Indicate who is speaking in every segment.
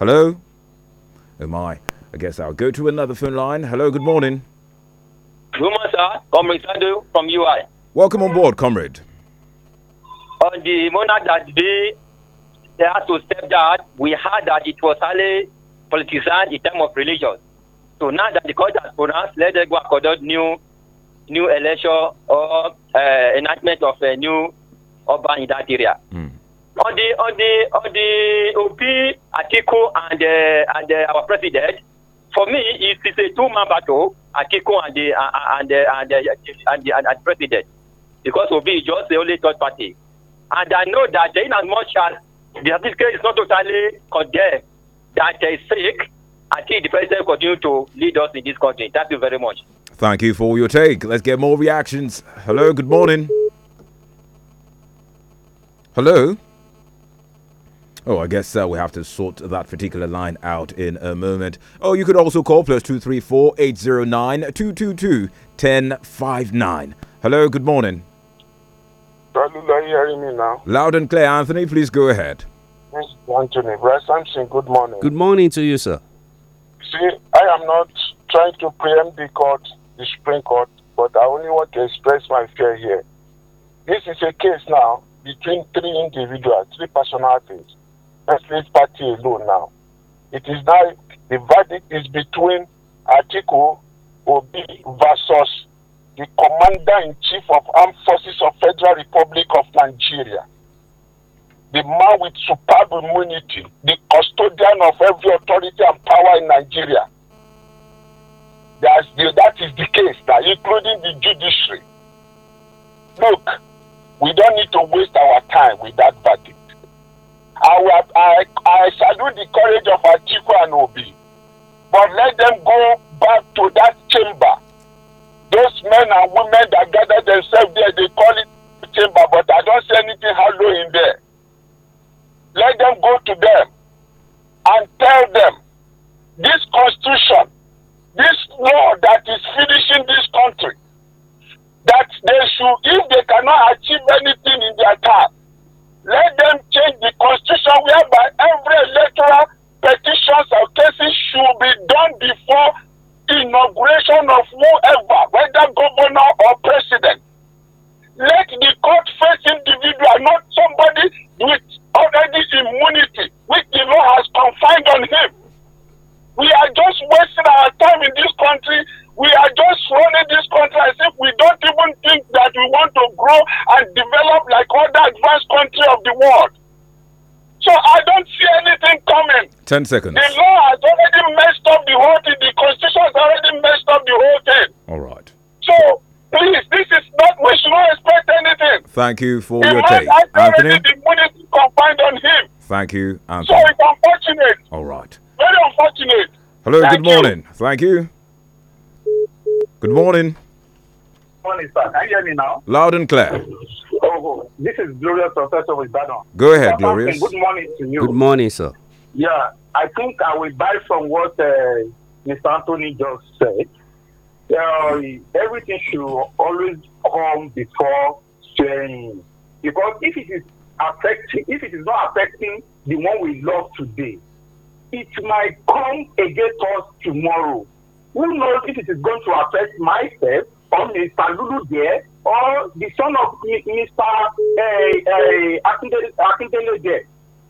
Speaker 1: Hello? Oh my, I guess I'll go to another phone line. Hello, good morning.
Speaker 2: Good morning, sir. Comrade Sandu from UI.
Speaker 1: Welcome on board, comrade.
Speaker 2: On uh, the Monday that day, they had to step that we heard that it was highly politicized in terms of religion. So now that the court has pronounced, let them go and new, new election or uh, enactment of a new urban in that area. Mm on the on the on the OP Atiku and uh, and uh, our president, for me it's, a two-man battle. Atiku and the uh, uh, uh, and and and, the, and, the, president, because Obi is just the only third party, and I know that in as much as the certificate is not totally condemned, that is sick until the president continue to lead us in this country. Thank you very much.
Speaker 1: Thank you for your take. Let's get more reactions. Hello, good morning. Hello. Oh, I guess uh, we have to sort that particular line out in a moment. Oh, you could also call plus 234 809 222 1059. Hello, good morning.
Speaker 3: are you hearing me now?
Speaker 1: Loud and clear, Anthony. Please go ahead.
Speaker 3: Yes, Anthony. Bryce Sampson, good morning. Good
Speaker 4: morning to you, sir.
Speaker 3: See, I am not trying to preempt the court, the Supreme Court, but I only want to express my fear here. This is a case now between three individuals, three personalities. Muslim party alone now. It is now the verdict is between Atiku Obi versus the Commander in Chief of Armed Forces of Federal Republic of Nigeria, the man with superb immunity, the custodian of every authority and power in Nigeria. That's the, that is the case now, including the judiciary. Look, we don't need to waste our time with that verdict. I, will, I, I salute the courage of Atiku and Obi. But let them go back to that chamber. Those men and women that gather themselves there, they call it chamber, but I don't see anything hollow in there. Let them go to them and tell them this constitution, this law that is finishing this country, that they should, if they cannot achieve anything in their time, let them change the constitution whereby every electoral petitions or cases should be done before inauguration of whoever, whether governor or president. Let the court face individual, not somebody with already immunity, which the law has confined on him. We are just wasting our time in this court. 10 seconds. The law has already messed up the whole thing. The constitution has already messed up the whole thing. All right. So, please, this is not, we should not expect anything.
Speaker 1: Thank you for the your take. Anthony? The
Speaker 3: money confined on him.
Speaker 1: Thank you, Anthony. So, it's
Speaker 3: unfortunate.
Speaker 1: All right.
Speaker 2: Very unfortunate. Hello, Thank good morning.
Speaker 1: You. Thank you. Good morning.
Speaker 2: Morning, sir. Can you hear me now?
Speaker 1: Loud and clear.
Speaker 2: Oh, this is Gloria Professor with Badon. Go ahead, Gloria. Good morning to you. Good morning, sir. Yeah, I think I will buy from what uh, Mr. Anthony just said. Uh, everything should always come before sharing. Because if it is affecting, if it is not affecting the one we love today, it might come against us tomorrow. Who knows if it is going to affect myself or Mr. Lulu there or the son of Mr. Uh, uh, Akindele there.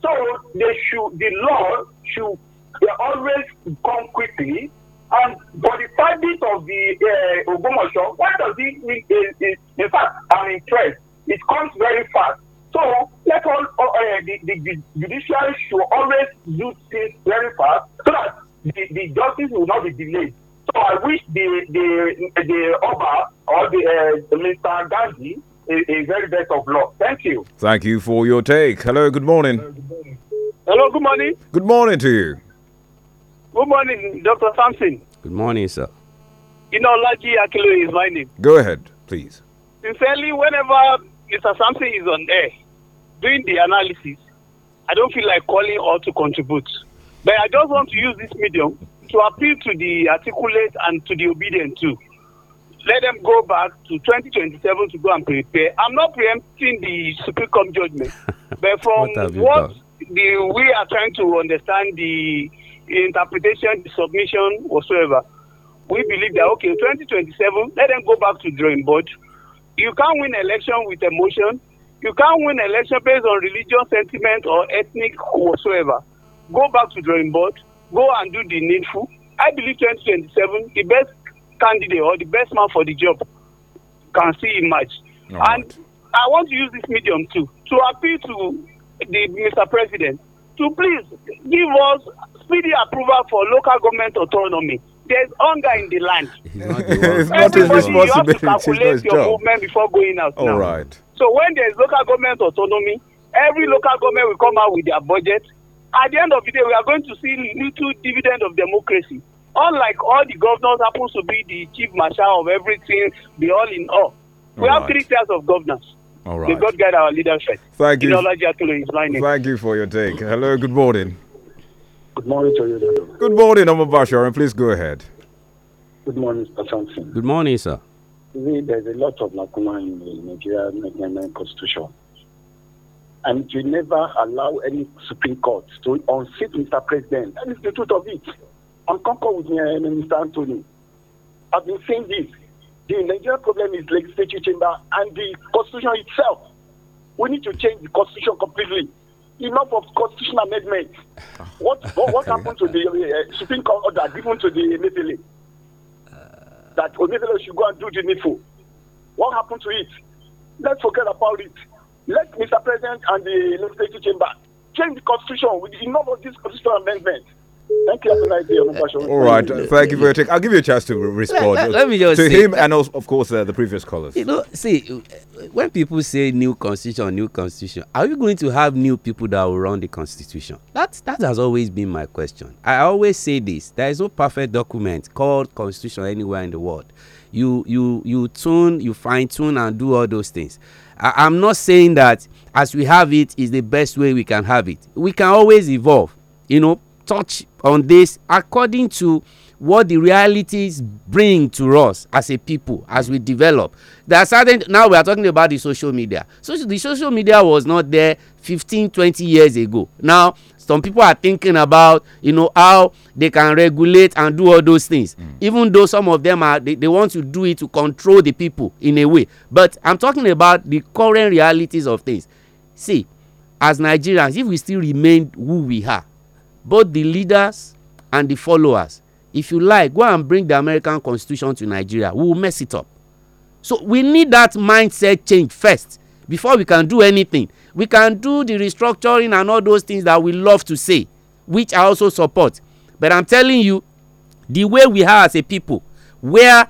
Speaker 2: So they should, the law you, they always come quickly. And for the verdict of the uh, show, why does it, mean? it, in fact, I'm impressed. It comes very fast. So let all uh, the, uh, the, the judiciary should always do things very fast so that the, the justice will not be delayed. So I wish the the the Oba or the, uh, Gandhi a, a very best of luck. Thank you.
Speaker 1: Thank you for your take. Hello, good morning. Hello, good morning.
Speaker 2: Hello, good morning.
Speaker 1: Good morning to you.
Speaker 2: Good morning, Dr. Sampson.
Speaker 1: Good morning, sir.
Speaker 2: You know, Laji Akilu is my name.
Speaker 1: Go ahead, please.
Speaker 2: Sincerely, whenever Mr. Sampson is on air doing the analysis, I don't feel like calling or to contribute. But I just want to use this medium to appeal to the articulate and to the obedient too. Let them go back to 2027 to go and prepare. I'm not preempting the Supreme Court judgment, but from what, what the, we are trying to understand the interpretation, the submission, whatsoever. We believe that, okay, 2027, let them go back to drawing board. You can't win election with emotion. You can't win election based on religious sentiment or ethnic whatsoever. Go back to drawing board. Go and do the needful. I believe 2027, the best candidate or the best man for the job can see emerge. All and I want to use this medium too to appeal to the Mr. President to please give us speedy approval for local government autonomy. There's hunger in the land. it's not his responsibility. You have to calculate your job. movement before going out. All now. right. So when there's local government autonomy, every local government will come out with their budget. At the end of the day, we are going to see little dividend of democracy. Unlike all the governors happens to be the chief marshal of everything, the all in all. We all have right. three tiers of governance. All right. May God guide our leadership. Thank you.
Speaker 1: Thank you for your take. Hello, good morning.
Speaker 2: Good morning to you.
Speaker 1: Good morning, Omar Bashar, and please go ahead.
Speaker 2: Good morning, Mr. Thompson.
Speaker 4: Good morning, sir.
Speaker 2: See, there's a lot of lacuna in the Nigerian constitution. And you never allow any Supreme Court to unseat Mr. President. That is the truth of it. I'm concord with uh, Mr. Anthony. I've been saying this the Nigerian problem is legislative chamber and the constitution itself. We need to change the constitution completely. Enough of constitutional amendments. What what, what happened to the uh, uh Supreme Court order given to the Emefele? That Emefele should go and do the needful. What happened to it? Let's forget about it. Let Mr. President and the legislative chamber change the constitution with enough of these constitutional amendments. Thank you. Have a nice day. All right. Uh, thank you for your take. I'll
Speaker 4: give you a chance to respond let, let me just to him and also, of course uh, the previous callers. You know, see, when people say new constitution, new constitution, are we going to have new people that will run the constitution? That that has always been my question. I always say this: there is no perfect document called constitution anywhere in the world. You you you tune, you fine tune, and do all those things. I, I'm not saying that as we have it is the best way we can have it. We can always evolve. You know, touch on this according to what the realities bring to us as a people as we develop there are certain now we are talking about the social media so the social media was not there 15 20 years ago now some people are thinking about you know how they can regulate and do all those things mm. even though some of them are they, they want to do it to control the people in a way but i'm talking about the current realities of things see as nigerians if we still remain who we are both the leaders and the followers if you like go and bring the american constitution to nigeria we will mess it up so we need that mindset change first before we can do anything we can do the restructuring and all those things that we love to say which i also support but i'm telling you the way we are as a people where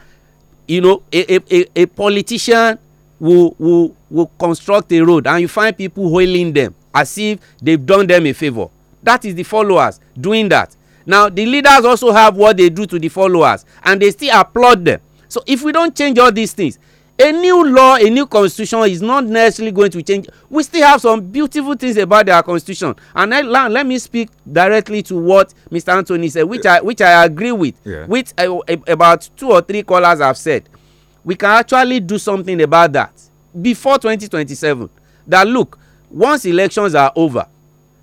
Speaker 4: you know a a a, politician will will will construct a road and you find people hailing them as if they've done them a favour that is the followers doing that now the leaders also have what they do to the followers and they still applaud them so if we don't change all these things a new law a new constitution is not necessarily going to change we still have some beautiful things about our constitution and I, let me speak directly to what mr anthony said which yeah. i which i agree with yeah. which I, uh, about two or three callers have said we can actually do something about that before 2027 that look once elections are over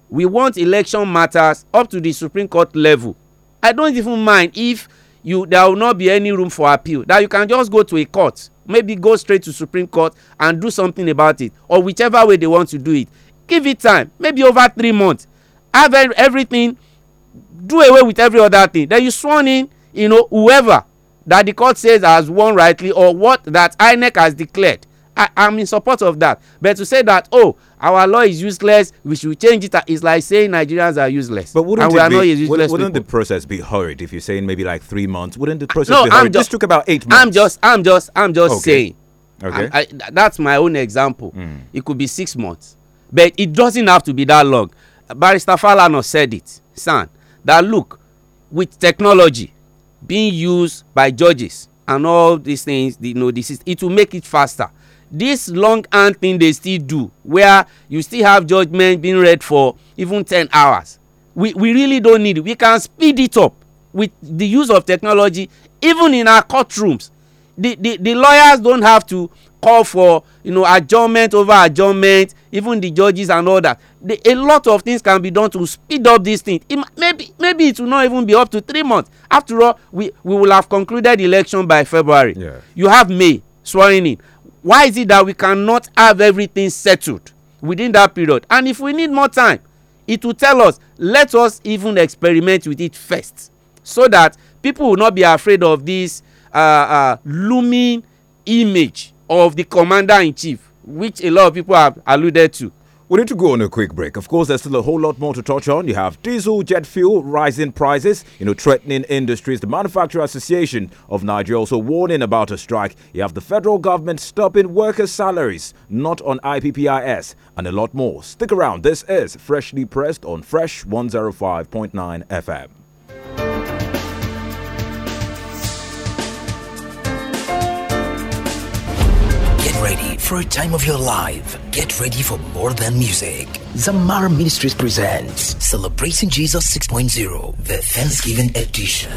Speaker 4: we want election matters up to the supreme court level i don't even mind if you there will not be any room for appeal that you can just go to a court maybe go straight to supreme court and do something about it or whichever way they want to do it give it time maybe over three months have e, everything do away with every other thing then you sworn in you know whoever that the court says has won rightly or what that inec has declared I am in support of that. But to say that, oh, our law is useless, we should change it, it's like saying Nigerians are useless. But wouldn't, be, wouldn't, wouldn't the process be hurried if you're saying maybe like three months? Wouldn't the process no, be hurried? I'm just, this took about eight months. I'm just, I'm just, I'm just okay. saying. Okay. I, I, that's my own example. Mm. It could be six months, but it doesn't have to be that long. Barrister Falano said it, son, that look, with technology being used by judges and all these things, you know, this is, it will make it faster this long hand thing they still do where you still have judgment being read for even ten hours we we really don't need it we can speed it up with the use of technology even in our courtrooms the the the lawyers don't have to call for you know adjournment over adjournment even the judges and all that the, a lot of things can be done to speed up this thing it, maybe maybe it will not even be up to three months after all we we will have concluded election by february yeah. you have may swearing in why is it that we cannot have everything settled within that period and if we need more time it will tell us let us even experiment with it first so that people will not be afraid of this uh, uh, looming image of the commander in chief which a lot of people have alluded to We need to go on a quick break. Of course, there's still a whole lot more to touch on. You have diesel, jet fuel,
Speaker 1: rising prices, you know, threatening industries. The Manufacturer Association of Nigeria also warning about a strike. You have the federal government stopping workers' salaries, not on IPPIS, and a lot more. Stick around. This is Freshly Pressed on Fresh 105.9
Speaker 5: FM. favorite time of your life. Get ready for more than music. Zamar Ministries presents Celebrating Jesus 6.0, the Thanksgiving edition.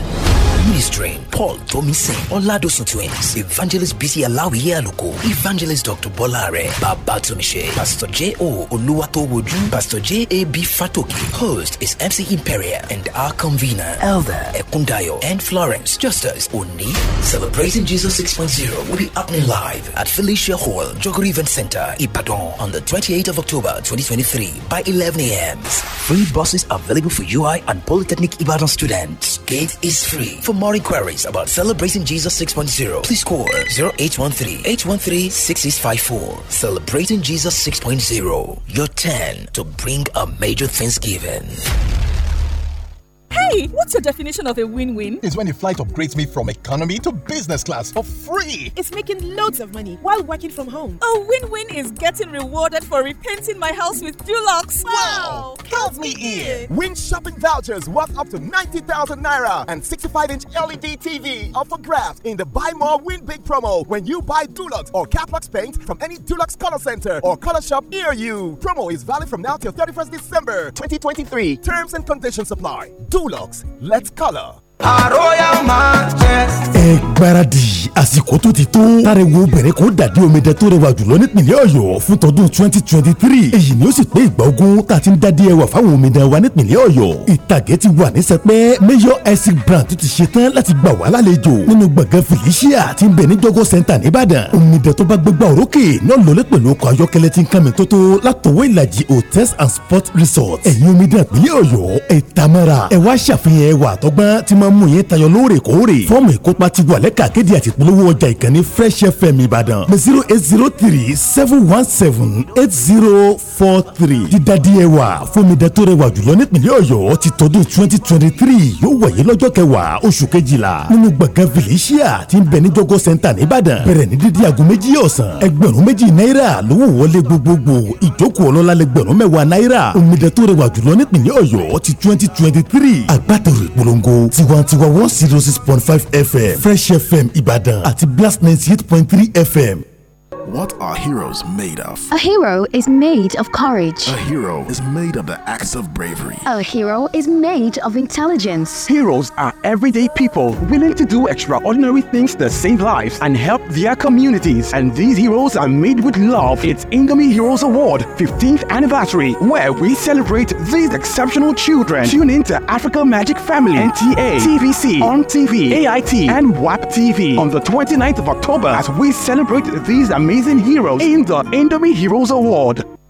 Speaker 5: Ministering Paul Tomise, Oladosun Twins, Evangelist BC Alawi Aluko, Evangelist Dr. Bolare, Baba Tomise, Pastor J.O. Oluwatowoju, Pastor J.A.B. Fatoki. Host is MC Imperial and our convener, Elder Ekundayo and Florence Justus Oni. Celebrating Jesus 6.0 will be happening live at Felicia Hall, Jogori Event Center, Ipadon, on the 28th of October 2023 by 11 a.m. Free buses available for UI and Polytechnic Ibadan students. Gate is free. For more inquiries about Celebrating Jesus 6.0, please call 0813 813 6654. Celebrating Jesus 6.0, your 10 to bring a major Thanksgiving. Hey, what's your definition of a win-win? Is when a flight upgrades me from economy to business class
Speaker 6: for
Speaker 7: free. It's making loads of money while working from home. A win-win is getting rewarded for repainting my house with Dulux. Wow! wow. Count me in. in. Win shopping vouchers
Speaker 8: worth up to 90,000 naira and 65-inch LED TV up for grabs in the Buy More Win Big promo when you buy Dulux or Caplux paint from any Dulux color center or color shop near you. Promo is valid from now till 31st December 2023. Terms and conditions apply. Dulux True Let's color. ẹ gbáradì àsìkò tó ti tó. tariwo bẹ̀rẹ̀ kó dàdí omidan tó rẹwà jùlọ nípìnlẹ̀ ọ̀yọ́ fún tọdún twenty twenty three. èyí ni ó sì pé ìgbà ogún tá a ti ń dádí ẹwà fáwọn omidan wa nípìnlẹ̀ ọ̀yọ́. ìtàgé ti wà ní sẹpẹ́ mayor essex brand tó ti ṣe tán láti gbà wá lálejò nínú gbọ̀ngàn felicia ti ń bẹ ní jọgọ center nìbàdàn. omidan tó bá gbégbá òrókè náà lọlé pẹ̀lú ọkọ̀ and sports resort. ẹ̀yin omidan ìpínlẹ̀ ọ̀yọ́ ẹ̀ tamara ẹ̀ wá ṣàfihàn ẹwà máa mú yín tayọ lóòrèkóòrè fọ́ọ̀mù ìkópa ti wà lẹ́ka akéde àti ìpolówó ọjà ìkànnì Fresh FM Ìbàdàn pé zero eight zero three seven one seven eight zero four three dídá díẹ̀ wà fúnmidà tó rẹwà jùlọ nípìnlẹ̀ Ọ̀yọ́ ti tọdún twenty twenty three yóò wáyé lọ́jọ́ kẹwàá oṣù kejìlá nínú gbọ̀ngàn felicia ti ń bẹ ní jọgọ center nìbàdàn bẹ̀rẹ̀ ní dídí aago méjì ọ̀sán ẹgbẹ̀rún méjì náírà lówó wọlé gbogbogbò ìjókòó ọlọ́lá lẹgbẹ̀rún mẹ́wàá náírà omidan tó rẹwà jùlọ nípìnlẹ̀ Ọ̀yọ́ ti twenty twenty three agbátẹrù ìpolongo tiwa ìbàdàn tiwa one zero six point five fm fresh fm Ibadan àti blast ninety eight point three fm.
Speaker 6: What are heroes made of?
Speaker 9: A hero is made of courage.
Speaker 8: A
Speaker 6: hero is made of the acts of bravery.
Speaker 9: A hero is made of intelligence.
Speaker 6: Heroes are everyday people willing to do extraordinary things that save lives and help their communities. And these heroes are made with love. It's Ingami Heroes Award 15th anniversary, where we celebrate these exceptional children. Tune in to Africa Magic Family, NTA, TVC, On TV, AIT, and WAP TV on the 29th of October as we celebrate these amazing Amazing Heroes in the Indomie Heroes Award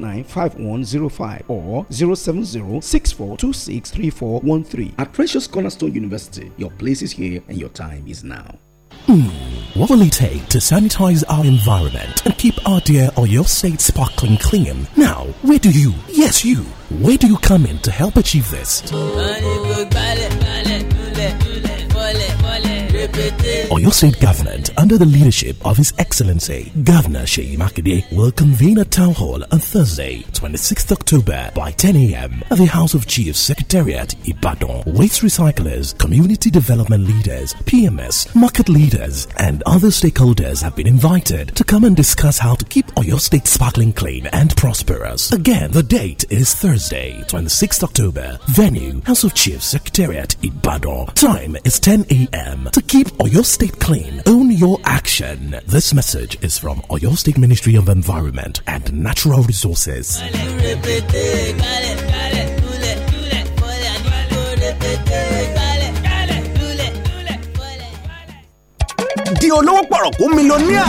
Speaker 10: 095105 or 070 At Precious Cornerstone University, your place is here and your time is now.
Speaker 11: Mm,
Speaker 6: what will it take to sanitize our environment and keep our dear Ohio State sparkling clean? Now, where do you, yes you, where do you come in to help achieve this?
Speaker 12: Oyo State Government,
Speaker 5: under the leadership of His Excellency Governor Sheyi Makinde, will convene a town hall on Thursday, 26th October by 10 a.m. at the House of Chiefs Secretariat, Ibadan. Waste recyclers, community development leaders, PMS, market leaders, and other stakeholders have been invited to come and discuss how to keep Oyo State sparkling clean and prosperous. Again, the date is Thursday, 26th October. Venue, House of Chiefs Secretariat, Ibadan. Time is 10 a.m. to keep Keep Oyo State clean. Own your action. This message is from Oyo State Ministry of Environment and Natural Resources.
Speaker 8: di olówó pọ̀rọ̀kú mílíọ̀nìà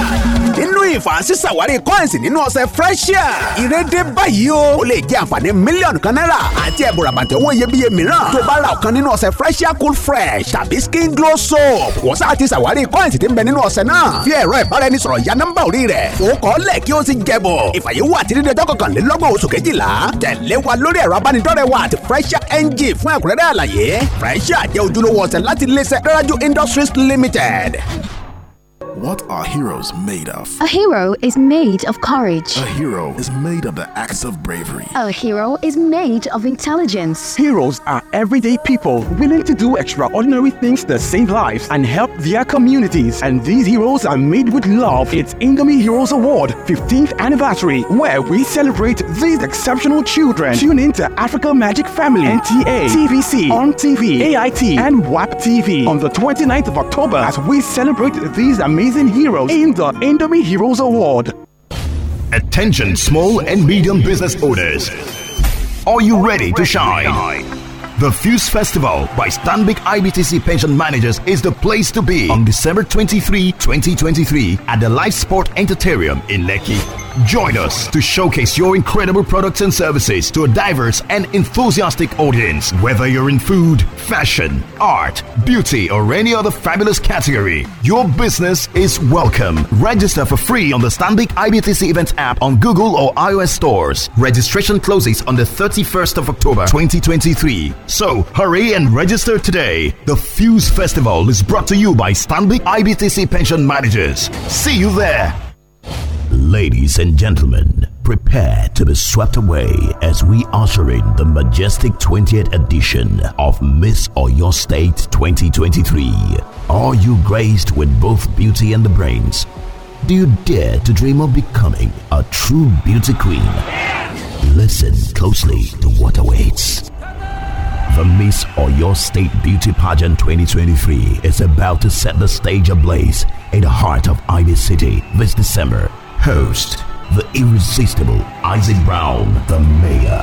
Speaker 8: nínú ìfàǹsísàwárí coins nínú ọ̀sẹ̀ freshia ìrèdè báyìí o ó lè jẹ́ àǹfààní mílíọ̀nù kan náírà àti ẹ̀bùn ràbàtì owó iyebíye mìíràn tó bá ra ọ̀kan nínú ọ̀sẹ̀ freshia cool fresh tàbí skin glow soap wọ́n sá àti sàwárí coins ti ń bẹ nínú ọ̀sẹ̀ náà fi ẹ̀rọ ìbáraẹnisọ̀rọ̀ ya nọ́mbà orí rẹ̀ ó kọ́ lẹ̀ kí ó sì jẹ̀bọ̀ ìfàyẹ̀wò àti dídé ọjọ́ kọkànlélọ́gbọ̀n oṣù kejìlá tẹ̀lé wa lórí ẹ̀rọ abánidọ́rẹ̀wá àti freshia ng fún ẹ̀kúnrẹ́rẹ́ àlàyé freshia jẹ́ ojúlówó ọ̀sẹ̀ Industries Limited.
Speaker 6: What are heroes made of? A
Speaker 9: hero is made of courage.
Speaker 6: A hero is made of the acts of bravery.
Speaker 9: A hero is made of intelligence.
Speaker 6: Heroes are everyday people willing to do extraordinary things that save lives and help their communities. And these heroes are made with love. It's Indomie Heroes Award 15th anniversary, where we celebrate these exceptional children. Tune in to Africa Magic Family, NTA, TVC, On TV, AIT, and WAP TV on the 29th of October as we celebrate these amazing Amazing
Speaker 5: Heroes in the Indomie Heroes Award. Attention, small and medium business owners. Are you ready to shine? The Fuse Festival by Stanbic IBTC Pension Managers is the place to be on December 23, 2023 at the Life Sport Entertainment in Lekki. Join us to showcase your incredible products and services to a diverse and enthusiastic audience. Whether you're in food, fashion, art, beauty, or any other fabulous category, your business is welcome. Register for free on the Stanbic IBTC Events app on Google or iOS stores. Registration closes on the 31st of October 2023. So hurry and register today. The Fuse Festival is brought to you by Stanbic IBTC Pension Managers. See you there. Ladies and gentlemen, prepare to be swept away as we usher in the majestic 20th edition of Miss or Your State 2023. Are you graced with both beauty and the brains? Do you dare to dream of becoming a true beauty queen? Listen closely to what awaits. The Miss or Your State Beauty Pageant 2023 is about to set the stage ablaze in the heart of Ivy City this December Host The Irresistible Isaac Brown, the Mayor.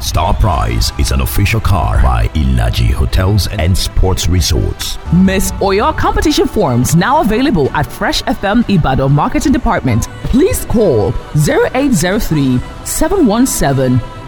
Speaker 5: Star Prize is an official car by Ilaji Hotels and Sports Resorts.
Speaker 9: Miss Oyo competition forms now available at Fresh FM Ibado Marketing Department. Please call 0803 717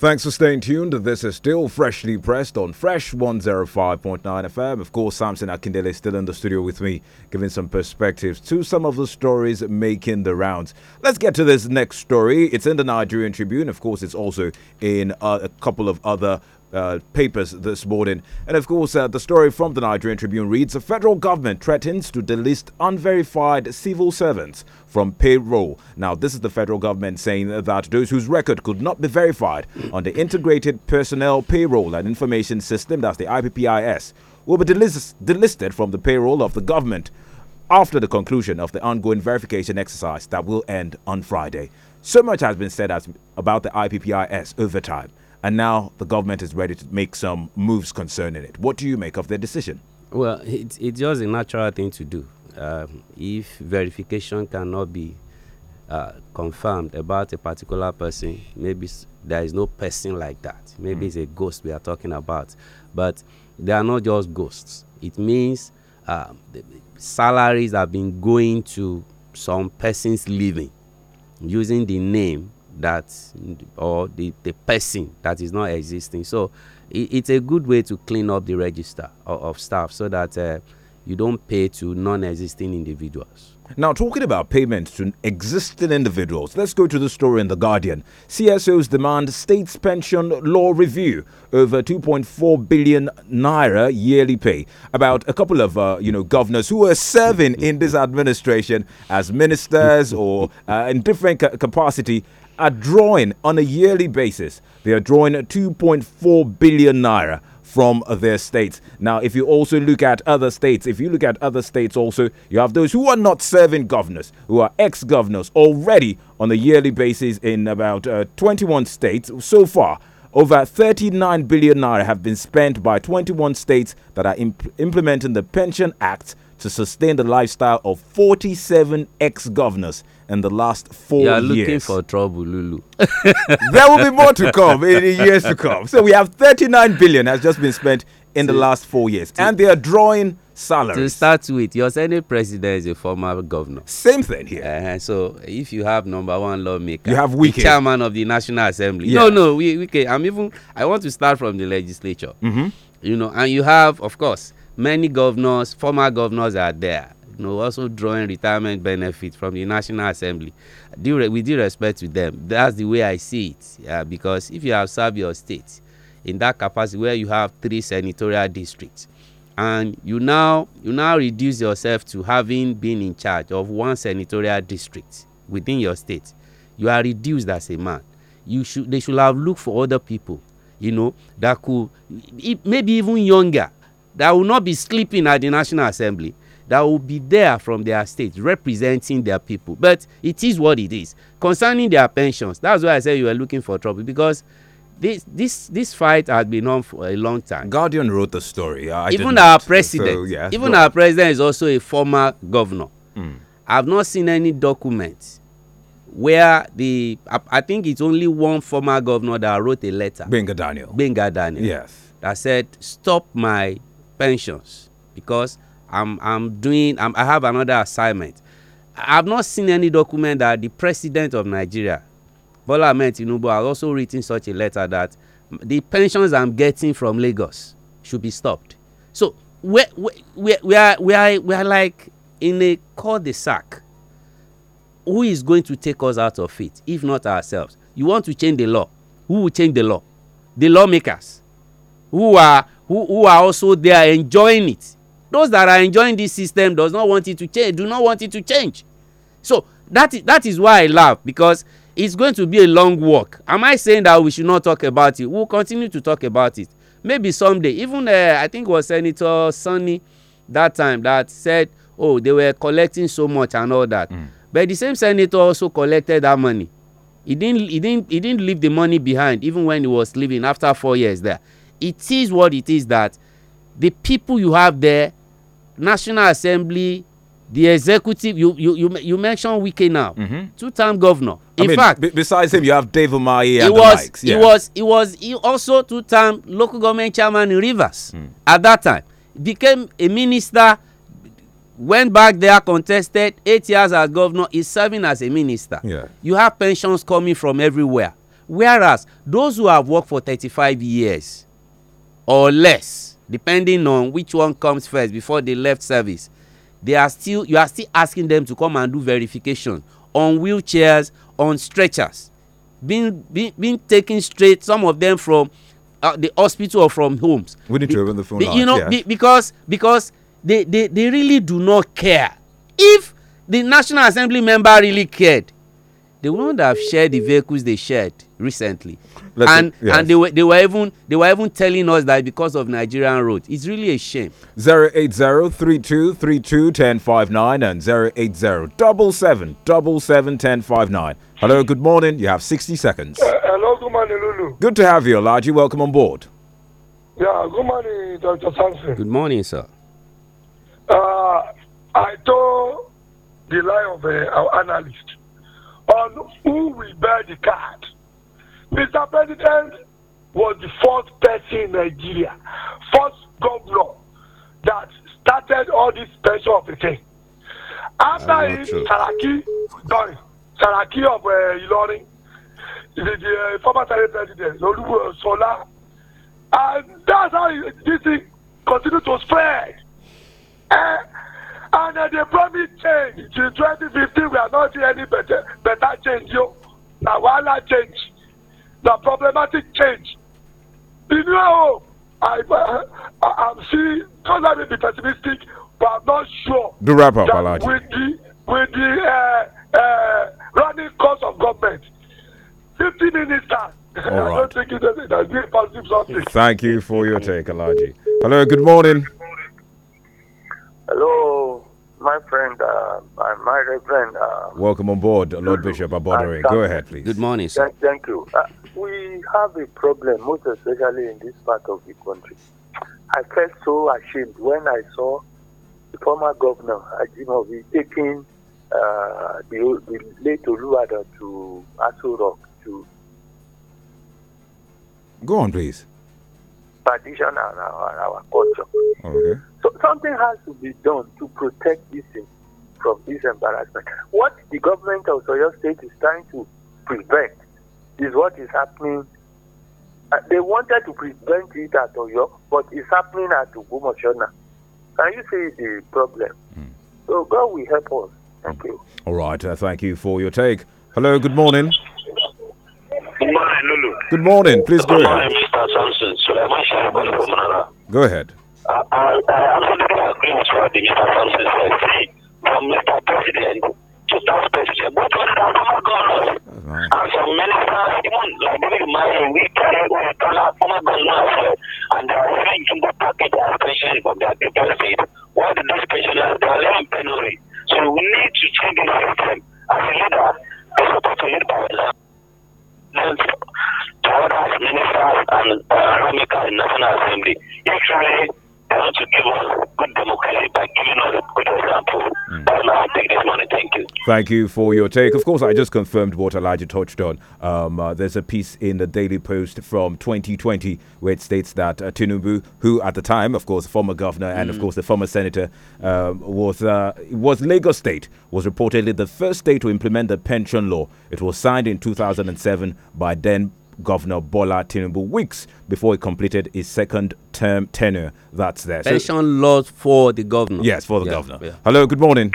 Speaker 1: Thanks for staying tuned. This is still freshly pressed on Fresh 105.9 FM. Of course, Samson Akindele is still in the studio with me, giving some perspectives to some of the stories making the rounds. Let's get to this next story. It's in the Nigerian Tribune. Of course, it's also in uh, a couple of other uh, papers this morning. And of course, uh, the story from the Nigerian Tribune reads The federal government threatens to delist unverified civil servants from payroll. Now, this is the federal government saying that those whose record could not be verified on the Integrated Personnel Payroll and Information System, that's the IPPIS, will be delist delisted from the payroll of the government after the conclusion of the ongoing verification exercise that will end on Friday. So much has been said as, about the IPPIS over time and now the government is ready to make some moves concerning it. What do you make of their decision?
Speaker 4: Well, it's, it's just a natural thing to do. Um, if verification cannot be uh, confirmed about a particular person, maybe there is no person like that. Maybe mm. it's a ghost we are talking about. But they are not just ghosts. It means uh, salaries have been going to some person's living using the name that or the, the person that is not existing. So it, it's a good way to clean up the register of, of staff so that uh, you don't pay to non existing individuals. Now, talking about payments to
Speaker 1: existing individuals, let's go to the story in The Guardian. CSOs demand state's pension law review over 2.4 billion naira yearly pay. About a couple of, uh, you know, governors who were serving in this administration as ministers or uh, in different ca capacity are drawing on a yearly basis. They are drawing 2.4 billion naira from their states. Now, if you also look at other states, if you look at other states also, you have those who are not serving governors, who are ex governors already on a yearly basis in about uh, 21 states so far. Over 39 billion naira have been spent by 21 states that are imp implementing the Pension Act to sustain the lifestyle of 47 ex governors in the last four years. You are looking
Speaker 4: for trouble, Lulu. there will be more to come in years to come. So
Speaker 1: we have 39 billion has just been spent in to, the last four years,
Speaker 4: to, and they are drawing salaries. To start with, your Senate president is a former governor. Same thing here. Uh, so if you have number one lawmaker, you have we chairman of the National Assembly. Yeah. No, no, we, Wike. I'm even. I want to start from the legislature. Mm -hmm. You know, and you have, of course, many governors, former governors are there you know, also drawing retirement benefit from the National Assembly. we do respect to them, that's the way I see it. Yeah, because if you have served your state in that capacity where you have three senatorial districts, and you now you now reduce yourself to having been in charge of one senatorial district within your state, you are reduced as a man. You should they should have looked for other people, you know, that could maybe even younger that will not be sleeping at the National Assembly that will be there from their state representing their people but it is what it is concerning their pensions that's why i said you were looking for trouble because this this this fight has been on for a long time. Guardian wrote the story. I even our president, so, yeah, even our president is also a former governor. Mm. I've not seen any document where the I, I, think it's only one former governor that wrote a letter. Benga Daniel. Benga Daniel. Yes. That said, stop my pensions because i'm i'm doing I'm, i have another assignment i've not seen any document that the president of nigeria bola ahmed tinubu has also written such a letter that the pensions i'm getting from lagos should be stopped so we we we are we are we are like in a cul-de-sac who is going to take us out of it if not ourselves you want to change the law who will change the law the lawmakers who are who, who are also there enjoying it those that are enjoying this system does not want it to change do not want it to change so that is that is why i laugh because it's going to be a long walk am i saying that we should not talk about it we'll continue to talk about it maybe someday even uh, i think was senator Sunny that time that said oh they were collecting so much and all that mm. but the same senator also collected that money he didn't he didn't he didn't leave the money behind even when he was leaving after four years there it is what it is that the people you have there national assembly the executive you you you, you mentioned wike now mm -hmm. two-time governor in I mean, fact besides him you have dave umahi he was, likes, yeah. he was he was he also two-time local government chairman in rivers mm. at that time became a minister went back there contested eight years as governor is serving as a minister yeah. you have pensions coming from everywhere whereas those who have worked for 35 years or less depending on which one comes first before they left service they are still you are still asking them to come and do verification on wheelchairs on stretchers being being, being taken straight some of them from uh, the hospital or from homes we need be, to open the phone be, you know yeah. be, because because they, they they really do not care if the national assembly member really cared they would not have shared the vehicles they shared recently Let's and see, yes. and they were they were even they were even telling us that because of nigerian roads it's really a shame
Speaker 1: 08032321059 and 080-77-77-1059. hello good morning you have 60 seconds uh,
Speaker 13: hello good morning
Speaker 1: lulu good to have you Olaji.
Speaker 4: welcome on board
Speaker 13: yeah good morning dr samson
Speaker 4: good morning sir
Speaker 13: uh, i told the lie of uh, our analyst on who will buy the card Mr. President was the first person in Nigeria, first governor that started all this special of a thing. After him, sure. Saraki, sorry, Saraki of uh, Ilorin, the, the uh, former Senate President, Olubu Sola, and that's how it, this thing continued to spread. Uh, and uh, they promised change. In 2015, we are not seeing any better, better change. Yo. Now, why not change? the problematic change. You know, I, I, am seeing, don't let me be pessimistic, but I'm
Speaker 1: not sure. The wrap up, Alaji. With
Speaker 13: the, with the uh, uh, running course of government, 50 ministers.
Speaker 1: All right. Thank you for your take, Alaji. Hello, good morning.
Speaker 2: Hello my friend, uh, my reverend. Uh,
Speaker 1: Welcome on board, Lord Bishop Abodore. Go ahead, please. Good
Speaker 4: morning, sir.
Speaker 2: Th thank you. Uh, we have a problem, most especially in this part of the country. I felt so ashamed when I saw the former governor, Ajimobi, taking uh, the, the late Oluwada to Aso Rock to. Go on, please perdition and our, our culture. Okay. So something has to be done to protect this thing from this embarrassment. What the government of Soyo State is trying to prevent is what is happening. Uh, they wanted to prevent it at Oyo, but it's happening at Ugumoshona. Can you see
Speaker 11: the problem? Mm. So God will help us. Thank hmm. you.
Speaker 1: All right. Uh, thank you for your take. Hello. Good morning.
Speaker 11: Good morning, Lulu. Good morning. Please go ahead. Mr.
Speaker 13: Samson.
Speaker 1: Go ahead. Uh,
Speaker 13: uh, uh, I, am going to agree with what Mr. Samson said. From Mr. President to that president, what was And some ministers, even like David we carry and they are in the package from their did they are living penury? So we need to change the system as a leader, by example. Jonas, Ministers, and uh, Ramika in National Assembly. Yesterday, give good democracy
Speaker 11: good example. Mm. I take this money. Thank you.
Speaker 1: Thank you for your take. Of course, I just confirmed what Elijah touched on. Um, uh, there's a piece in the Daily Post from 2020 where it states that uh, Tinubu, who at the time, of course, former governor and mm. of course the former senator, um, was uh, was Lagos State was reportedly the first state to implement the pension law. It was signed in 2007 by then Governor Bola Tinubu weeks before he completed his second term tenure. That's there. Pension
Speaker 4: so, laws for the governor. Yes, for the yeah, governor. Yeah.
Speaker 1: Hello, good morning.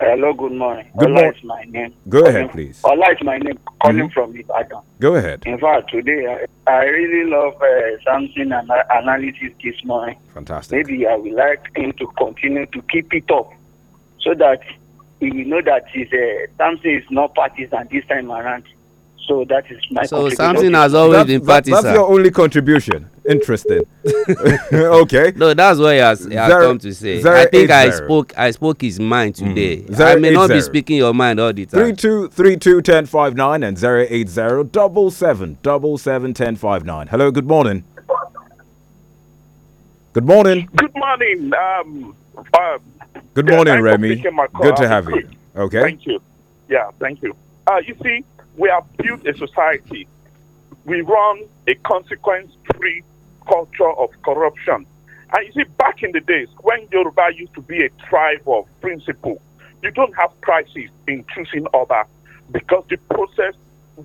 Speaker 2: hello, good morning. Good morning. my name. Go ahead, please. my name, calling mm -hmm. from Ibadan. Go ahead. In fact, today I, I really love uh, something and analysis this morning. Fantastic. Maybe I would like him to continue to keep it up so that we know that his, uh, something is not partisan this time around. So that is my. So
Speaker 4: something has always that, been partisan. That's your
Speaker 1: only contribution. Interesting. okay.
Speaker 4: No, that's what he has, he has zero, come to say. I think I zero. spoke. I spoke his mind mm. today. Mm. I may not zero. be speaking your mind all the time. Three
Speaker 1: two three two ten five nine and zero eight zero double seven double seven ten five nine. Hello. Good morning. Good morning.
Speaker 3: Good morning. Um, uh,
Speaker 1: good morning, Remy. Good to have you. Okay. Thank
Speaker 3: you. Yeah. Thank you. Uh, you see we have built a society. We run a consequence free culture of corruption. And you see, back in the days when Yoruba used to be a tribe of principle, you don't have crises in choosing other because the process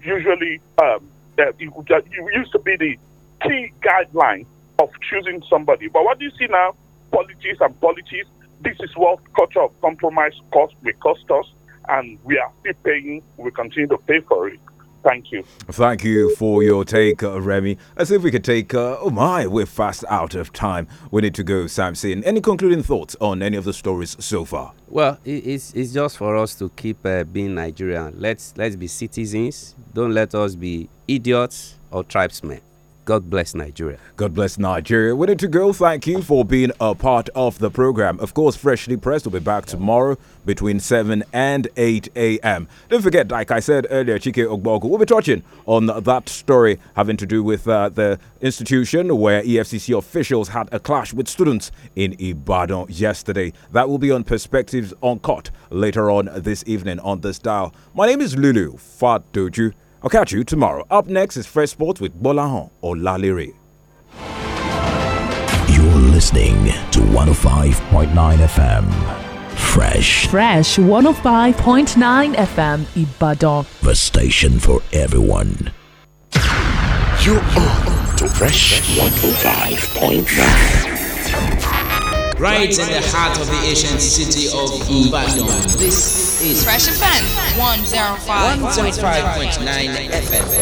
Speaker 3: usually um, uh, it, used to be the key guideline of choosing somebody. But what do you see now? Politics and politics. This is what culture of compromise cost will cost us and we are still paying, we continue to pay for it. Thank you.
Speaker 1: Thank you for your take, uh, Remy. Let's see if we could take. Uh, oh my, we're fast out of time. We need to go, Samson. Any concluding thoughts on any of the stories so far?
Speaker 4: Well, it's it's just for us to keep uh, being Nigerian. Let's let's be citizens. Don't let us be idiots or tribesmen. God bless Nigeria.
Speaker 1: God bless Nigeria. We need to go. Thank you for being a part of the program. Of course, Freshly Pressed will be back tomorrow between 7 and 8 a.m. Don't forget, like I said earlier, Chike Ogbogu will be touching on that story having to do with uh, the institution where EFCC officials had a clash with students in Ibadan yesterday. That will be on Perspectives on Court later on this evening on this dial. My name is Lulu Fat I'll catch you tomorrow. Up next is Fresh Sports with or
Speaker 5: Olalere. You're listening to 105.9 FM. Fresh. Fresh 105.9 FM Ibadan. The station for everyone. You are
Speaker 11: on
Speaker 5: to Fresh 105.9
Speaker 4: right in the heart of the ancient city of Ibadan. This is
Speaker 9: Fresh and Fun
Speaker 11: 105.9 FM.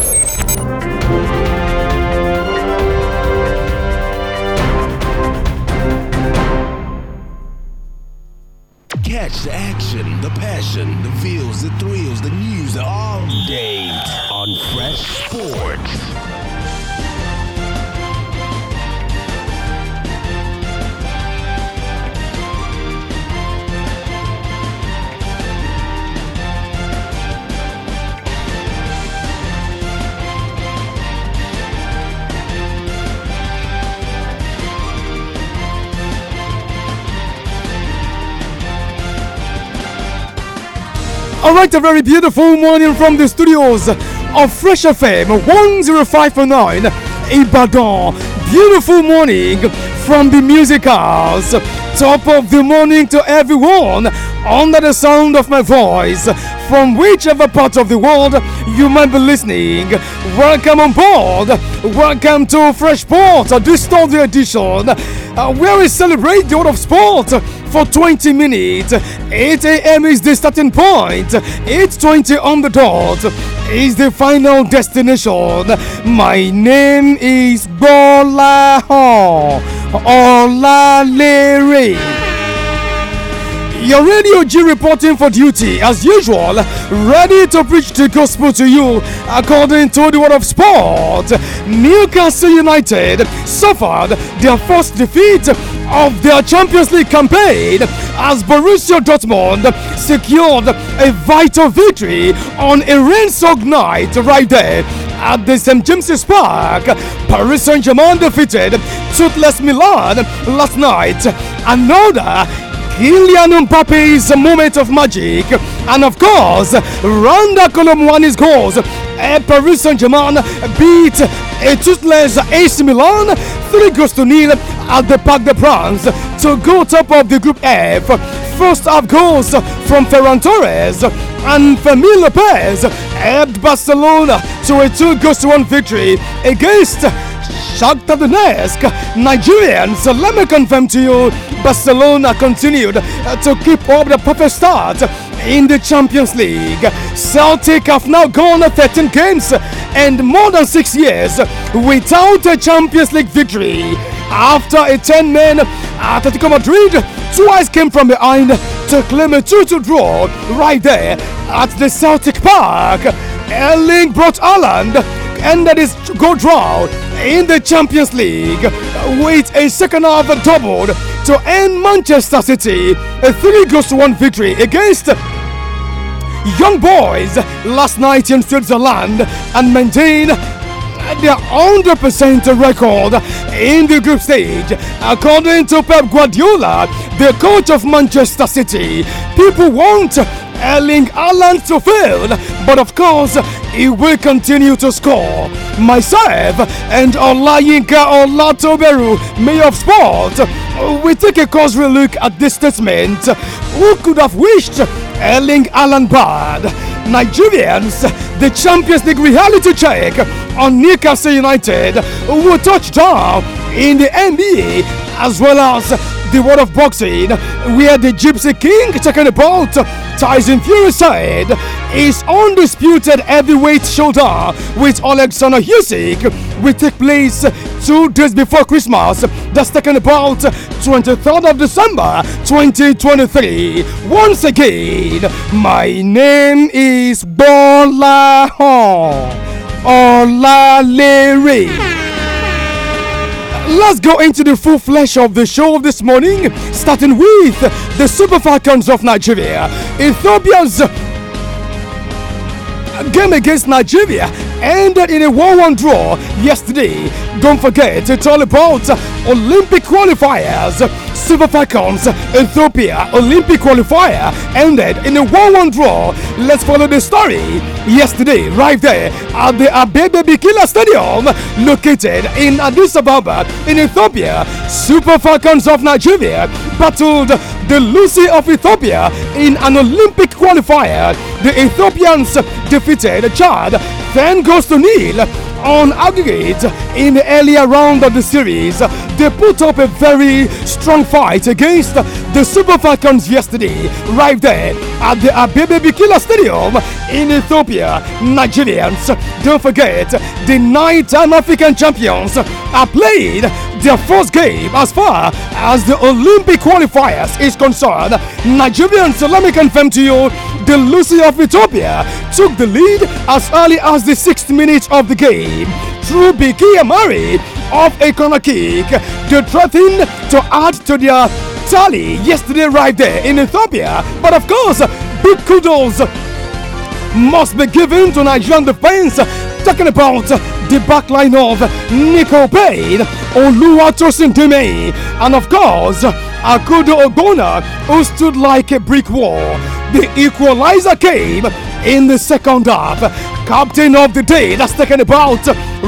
Speaker 5: Catch the action, the passion, the feels, the thrills, the news all day on Fresh Sports.
Speaker 14: a very beautiful morning from the studios of Fresh FM 105.9 Ibadan. Beautiful morning from the music house. Top of the morning to everyone under the sound of my voice from whichever part of the world you might be listening. Welcome on board. Welcome to Fresh Port, this Thursday edition, uh, where we celebrate the world of sport for 20 minutes. 8 a.m. is the starting point. 8.20 on the dot is the final destination. My name is Bola Ho Olalere your radio G reporting for duty as usual, ready to preach the gospel to you according to the word of sport. Newcastle United suffered their first defeat of their Champions League campaign as Borussia Dortmund secured a vital victory on a rain-soaked night right there at the St. James's Park. Paris Saint-Germain defeated toothless Milan last night. Another Kylian Mbappe's moment of magic, and of course, Randa Colomwani's goals. And Paris Saint-Germain beat a toothless AC Milan three goals to nil at the Parc des Princes to go top of the Group F. First half goals from Ferran Torres and Famila Lopez helped Barcelona to a two goals to one victory against shocked at the Nesk, Nigerians, let me confirm to you, Barcelona continued uh, to keep up the perfect start in the Champions League. Celtic have now gone 13 games and more than six years without a Champions League victory. After a 10 man Atletico Madrid twice came from behind to claim a 2 2 draw right there at the Celtic Park. Erling brought Ireland and that is go draw in the Champions League with a second half doubled to end Manchester City a 3 goes to 1 victory against Young Boys last night in Switzerland and maintain their 100% record in the group stage. According to Pep Guardiola, the coach of Manchester City, people want Erling Haaland to fail but of course, he will continue to score. Myself and Olayinka Olatoberu, Mayor of Sport, we take a cursory look at this statement. Who could have wished Erling Alan Bad? Nigerians, the Champions League reality check on Newcastle United will touch down in the NBA as well as the world of boxing, where the Gypsy King, Takane Bolt, Tyson Fury side, is undisputed heavyweight shoulder with Alexander Usyk will take place two days before Christmas. That's taken bout, 23rd of December 2023. Once again, my name is Bola Hon Olalere. Let's go into the full flesh of the show this morning, starting with the Super Falcons of Nigeria. Ethiopia's game against Nigeria ended in a 1 1 draw yesterday. Don't forget, it's all about Olympic qualifiers. Silver Falcons, Ethiopia Olympic qualifier ended in a 1 1 draw. Let's follow the story. Yesterday, right there at the Abebe Bikila Stadium, located in Addis Ababa, in Ethiopia, Super Falcons of Nigeria battled the Lucy of Ethiopia in an Olympic qualifier. The Ethiopians defeated Chad, then goes to Nil on aggregate in the earlier round of the series. They put up a very strong fight against the Super Falcons yesterday, right there at the Abebe Bikila Stadium in Ethiopia. Nigerians, don't forget, the night and African champions are played their first game as far as the Olympic qualifiers is concerned. Nigerian so let me confirm to you, the Lucy of Ethiopia took the lead as early as the sixth minute of the game through Biki Amari of a corner kick. The threatened to add to their tally yesterday right there in Ethiopia. But of course, big kudos must be given to Nigerian defense talking about the back line of Nico Payne, Oluwatosin me, and of course, good Ogona, who stood like a brick wall. The equalizer came in the second half captain of the day. That's taken about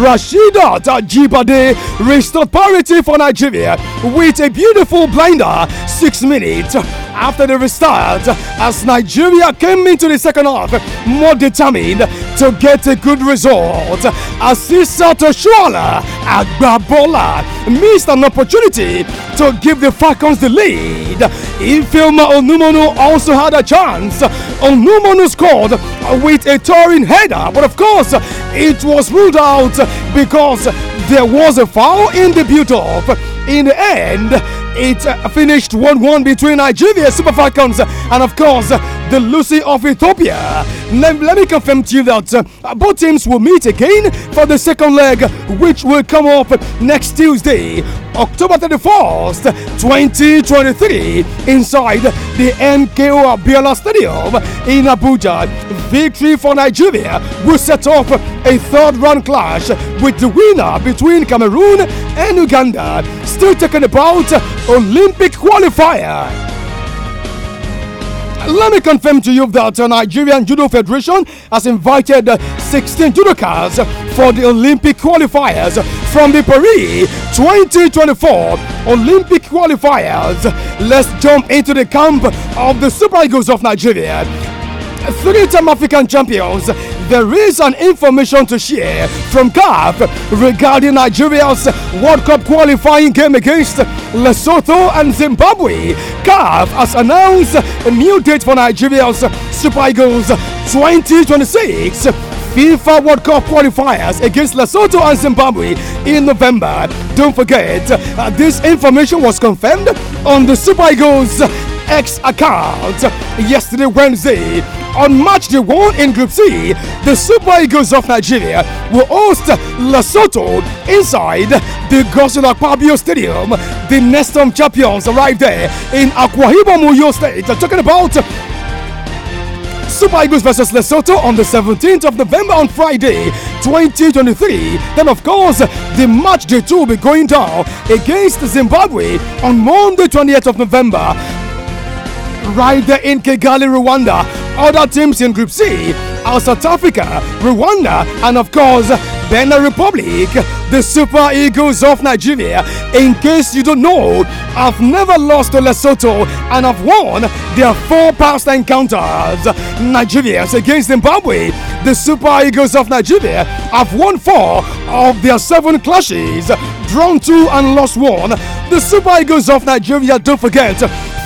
Speaker 14: Rashida Tajibade restored parity for Nigeria with a beautiful blinder six minutes after the restart as Nigeria came into the second half more determined to get a good result. Asisa Toshuala Agbabola missed an opportunity to give the Falcons the lead. Ifeoma Onumono also had a chance. Onumono scored with a touring header, but of course, it was ruled out because there was a foul in the build up. In the end, it finished 1 1 between Nigeria Super Falcons and, of course, the Lucy of Ethiopia. Let, let me confirm to you that uh, both teams will meet again for the second leg, which will come up next Tuesday, October 31st, 2023, inside the NKO Abiola Stadium in Abuja. Victory for Nigeria will set off a third round clash with the winner between Cameroon and Uganda, still talking about Olympic qualifier. Let me confirm to you that the uh, Nigerian Judo Federation has invited uh, 16 judokas for the Olympic qualifiers from the Paris 2024 Olympic qualifiers. Let's jump into the camp of the Super Eagles of Nigeria three time African champions. There is an information to share from CAF regarding Nigeria's World Cup qualifying game against Lesotho and Zimbabwe. CAF has announced a new date for Nigeria's Super Eagles 2026. FIFA World Cup qualifiers against Lesotho and Zimbabwe in November. Don't forget, uh, this information was confirmed on the Super Eagles X account yesterday, Wednesday. On March the 1 in Group C, the Super Eagles of Nigeria will host Lesotho inside the Gosun Akpabio Stadium. The next champions arrive there in Akwa Ibom State. Talking about Super Eagles versus Lesotho on the 17th of November on Friday, 2023. Then, of course, the match day two will be going down against Zimbabwe on Monday, 28th of November. Ride there in Kigali, Rwanda other teams in Group C are South Africa, Rwanda, and of course, Benin Republic, the Super Eagles of Nigeria. In case you don't know, I've never lost to Lesotho and I've won their four past encounters. Nigeria against Zimbabwe, the Super Eagles of Nigeria have won four of their seven clashes, drawn two and lost one. The Super Eagles of Nigeria, don't forget,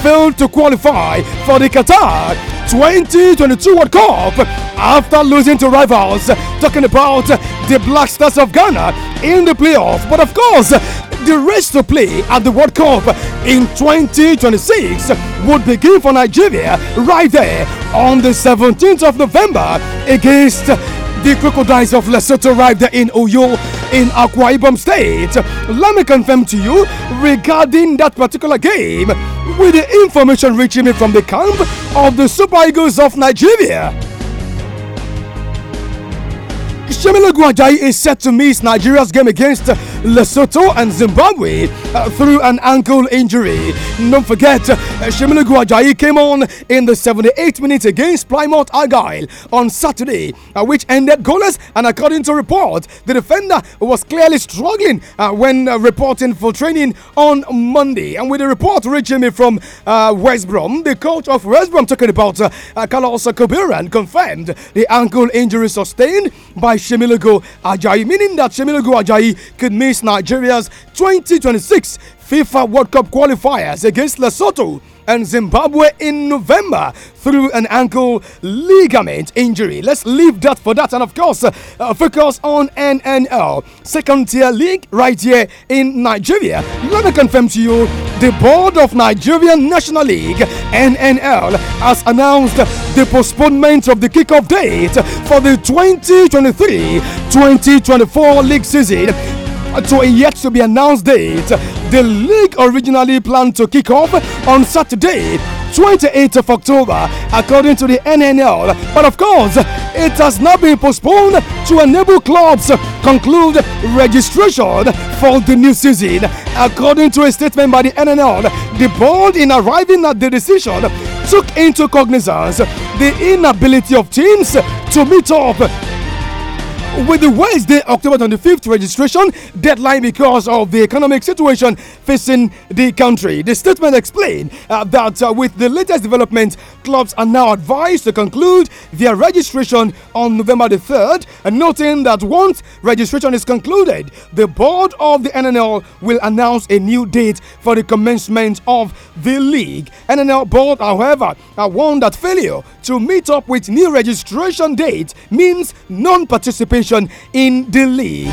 Speaker 14: failed to qualify for the Qatar 2022 World Cup after losing to rivals. Talking about the Black Stars of Ghana in the playoff. But of course, the race to play at the World Cup in 2026 would begin for Nigeria right there on the 17th of November against the Crocodiles of Lesotho right there in Oyo in Akwa Ibom State. Let me confirm to you regarding that particular game with the information reaching me from the camp of the Super Eagles of Nigeria Shemilogu Ajayi is set to miss Nigeria's game against Lesotho and Zimbabwe uh, through an ankle injury. Don't forget, uh, Shemilogu Ajayi came on in the 78th minute against Plymouth Argyle on Saturday, uh, which ended goalless. And according to reports, the defender was clearly struggling uh, when uh, reporting for training on Monday. And with a report reaching me from uh, West Brom, the coach of West Brom talking about uh, Carlos Kabiran confirmed the ankle injury sustained by by Shemilogo Ajayi, meaning that Shemilogo Ajayi could miss Nigeria's 2026 FIFA World Cup qualifiers against Lesotho and Zimbabwe in November through an ankle ligament injury. Let's leave that for that. And of course, uh, focus on NNL, second tier league right here in Nigeria. Let me confirm to you the board of Nigerian National League, NNL, has announced the postponement of the kickoff date for the 2023 2024 league season to a yet to be announced date. The league originally planned to kick off on Saturday, 28th of October, according to the NNL. But of course, it has now been postponed to enable clubs conclude registration for the new season. According to a statement by the NNL, the board in arriving at the decision took into cognizance the inability of teams to meet up with the Wednesday, October 25th registration deadline because of the economic situation facing the country. The statement explained uh, that uh, with the latest development, clubs are now advised to conclude their registration on November the 3rd, and noting that once registration is concluded, the board of the NNL will announce a new date for the commencement of the league. NNL board, however, are warned that failure to meet up with new registration date means non-participation in the league.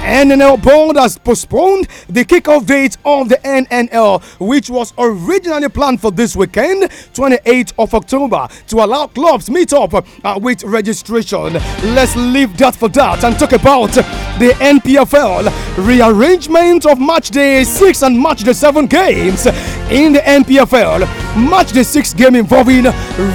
Speaker 14: NNL Board has postponed the kickoff date of the NNL, which was originally planned for this weekend, 28th of October, to allow clubs meet up uh, with registration. Let's leave that for that and talk about the NPFL rearrangement of match day 6 and match day 7 games in the NPFL. Match the sixth game involving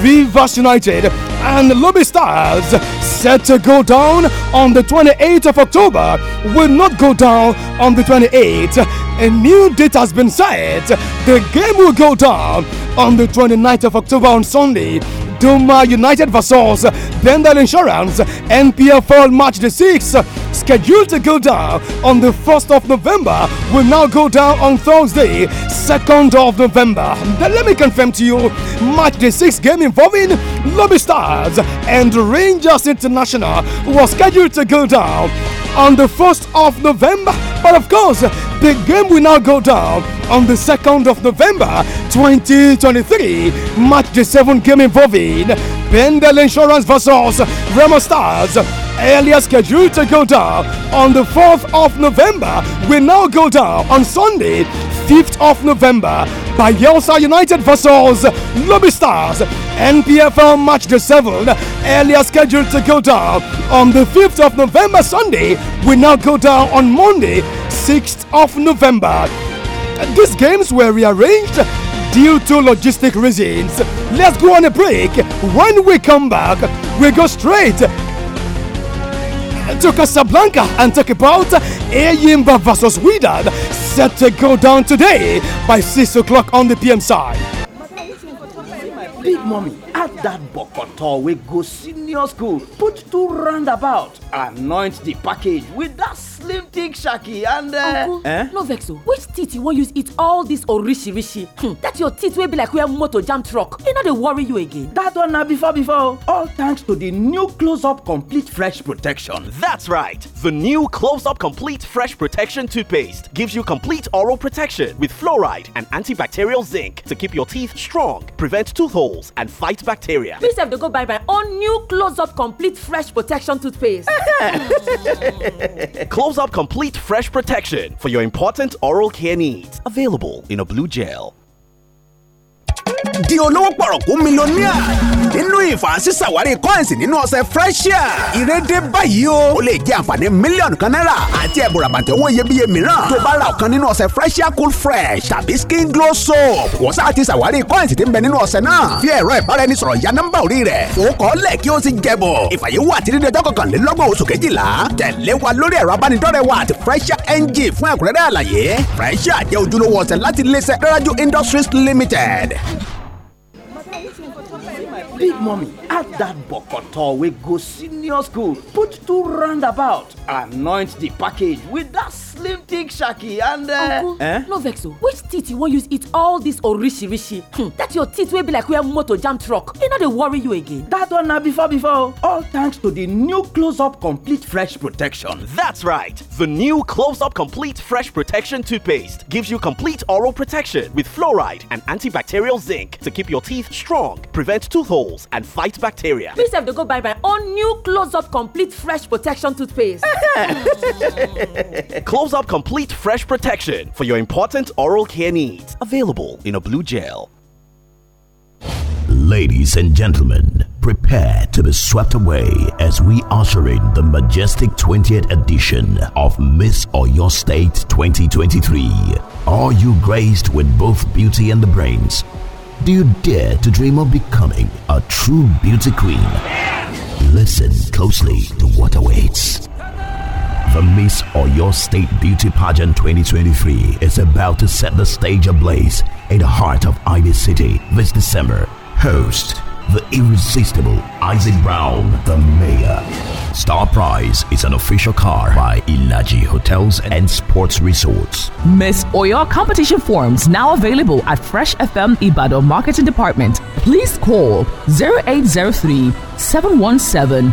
Speaker 14: Rivers United and Lobby Stars set to go down on the 28th of October will not go down on the 28th. A new date has been set. The game will go down on the 29th of October on Sunday Duma United vs. Dendal Insurance, NPFL World Match the 6th scheduled to go down on the 1st of November will now go down on Thursday, 2nd of November. Then let me confirm to you match the sixth game involving Lobby Stars and Rangers International was scheduled to go down on the 1st of November. But of course, the game will now go down on the 2nd of November 2023. Match the 7 game involving Pendel Insurance versus Remo Stars earlier scheduled to go down on the 4th of November will now go down on Sunday, 5th of November by Yelsa United vs. Lobby Stars. NPFL match the 7th, earlier scheduled to go down on the 5th of November Sunday will now go down on Monday 6th of November. These games were rearranged due to logistic reasons. Let's go on a break. When we come back, we go straight to Casablanca and talk about Ayimba versus Wydad, set to go down today by 6 o'clock on the PM side.
Speaker 10: Big mommy, at that Bokoto we go senior school, put two roundabout, anoint the package
Speaker 7: with that slim thick shaki and. Uh, uncle eh? no vex o which teeth you wan use eat all this orishi hmm. that your teeth wey be like where motor
Speaker 15: jam truck e no dey worry you again. that one na before before all thanks to the new close up complete fresh protection. that's right the new close up complete fresh protection toothpaste gives you complete oral protection with fluoride and antibacterial zinc to keep your teeth strong prevent tooth holes and fight bacteria. me
Speaker 7: sef dey go buy my own new close up complete fresh protection toothpaste.
Speaker 15: close up complete fresh protection for your important oral care needs. Available in a blue gel.
Speaker 8: di olówó pọ̀rọ̀kú mílíọ̀nìà nínú ìfàṣìṣàwárí coins nínú ọ̀sẹ̀ freshia ìrèdè báyìí o ó lè jẹ́ àǹfààní mílíọ̀nù kan náírà àti ẹ̀bùn ràbàtẹ̀ owó iyebíye mìíràn tó bá ra ọ̀kan nínú ọ̀sẹ̀ freshia cool fresh tàbí skin glow soap wọ́n sá ti ṣàwárí coins tí ń bẹ nínú ọ̀sẹ̀ náà fi ẹ̀rọ ìbáraẹnisọ̀rọ̀ ya nọ́mbà orí rẹ̀ ó kọ́ lẹ̀ kí ó ti jẹ̀bọ̀ ìfàyẹ̀wò àti dídé ọjọ́ kọkànlélọ́gbọ̀n oṣù kejìlá tẹ̀lé wa lórí ẹ̀rọ abánidọ́rẹ̀ẹ́ wa freshia ng fún ẹ̀kúnrẹ́rẹ́ àlàyé freshia jẹ́ ojúlówó Industries Limited
Speaker 10: big mummy add dat bokoto wey go senior school put two roundabout anoint the package
Speaker 9: with that. slim thick
Speaker 7: shaki and uh, uncle eh? no vex o which teeth you wan use eat all this orishi hmm. that your teeth wey be like where motor jam truck e no dey worry you again. that one na before before all thanks to the
Speaker 15: new close up complete fresh protection. that's right the new close up complete fresh protection toothpaste gives you complete oral protection with fluoride and antibacterial zinc to keep your teeth strong prevent tooth holes and fight bacteria.
Speaker 7: me sef dey go buy my own new close up complete fresh protection toothpaste.
Speaker 15: close Up Complete Fresh Protection for your important oral care needs. Available in a blue gel.
Speaker 5: Ladies and gentlemen, prepare to be swept away as we usher in the majestic 20th edition of Miss or Your State 2023. Are you graced with both beauty and the brains? Do you dare to dream of becoming a true beauty queen? Listen closely to what awaits. The Miss or Your State Beauty Pageant 2023 is about to set the stage ablaze in the heart of Ivy City this December. Host the irresistible Isaac Brown, the mayor. Star Prize is an official car by Ilaji Hotels and Sports Resorts.
Speaker 9: Miss Oyo competition forms now available at Fresh FM Ibado Marketing Department. Please call 0803 717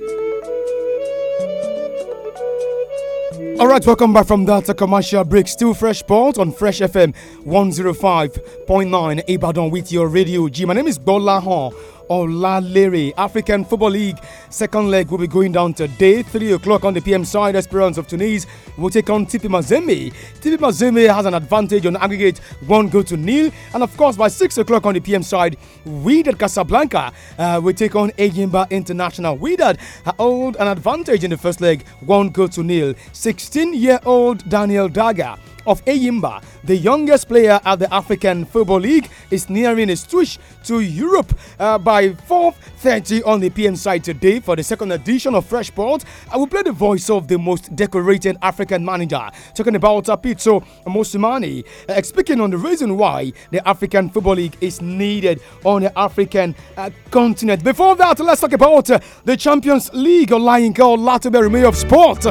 Speaker 14: All right, welcome back from that commercial break. Still fresh port on Fresh FM 105.9 Ibadan with your radio G. My name is Bola Hon. Olalere. African Football League second leg will be going down today, 3 o'clock on the PM side. Esperance of Tunis will take on Tipi Mazembe. Tipi Mazembe has an advantage on aggregate 1 goal to nil. And of course, by 6 o'clock on the PM side, We at Casablanca uh, will take on Egimba International. We Wydad uh, hold an advantage in the first leg, 1 goal to nil. 16 year old Daniel Daga of Ayimba, the youngest player at the African Football League, is nearing a switch to Europe uh, by 4.30 on the PM side today for the second edition of Fresh Port. I will play the voice of the most decorated African manager, talking about Apito Mosumani, uh, speaking uh, on the reason why the African Football League is needed on the African uh, continent. Before that, let's talk about uh, the Champions League, Olainka Olatobe, Mayor of Sport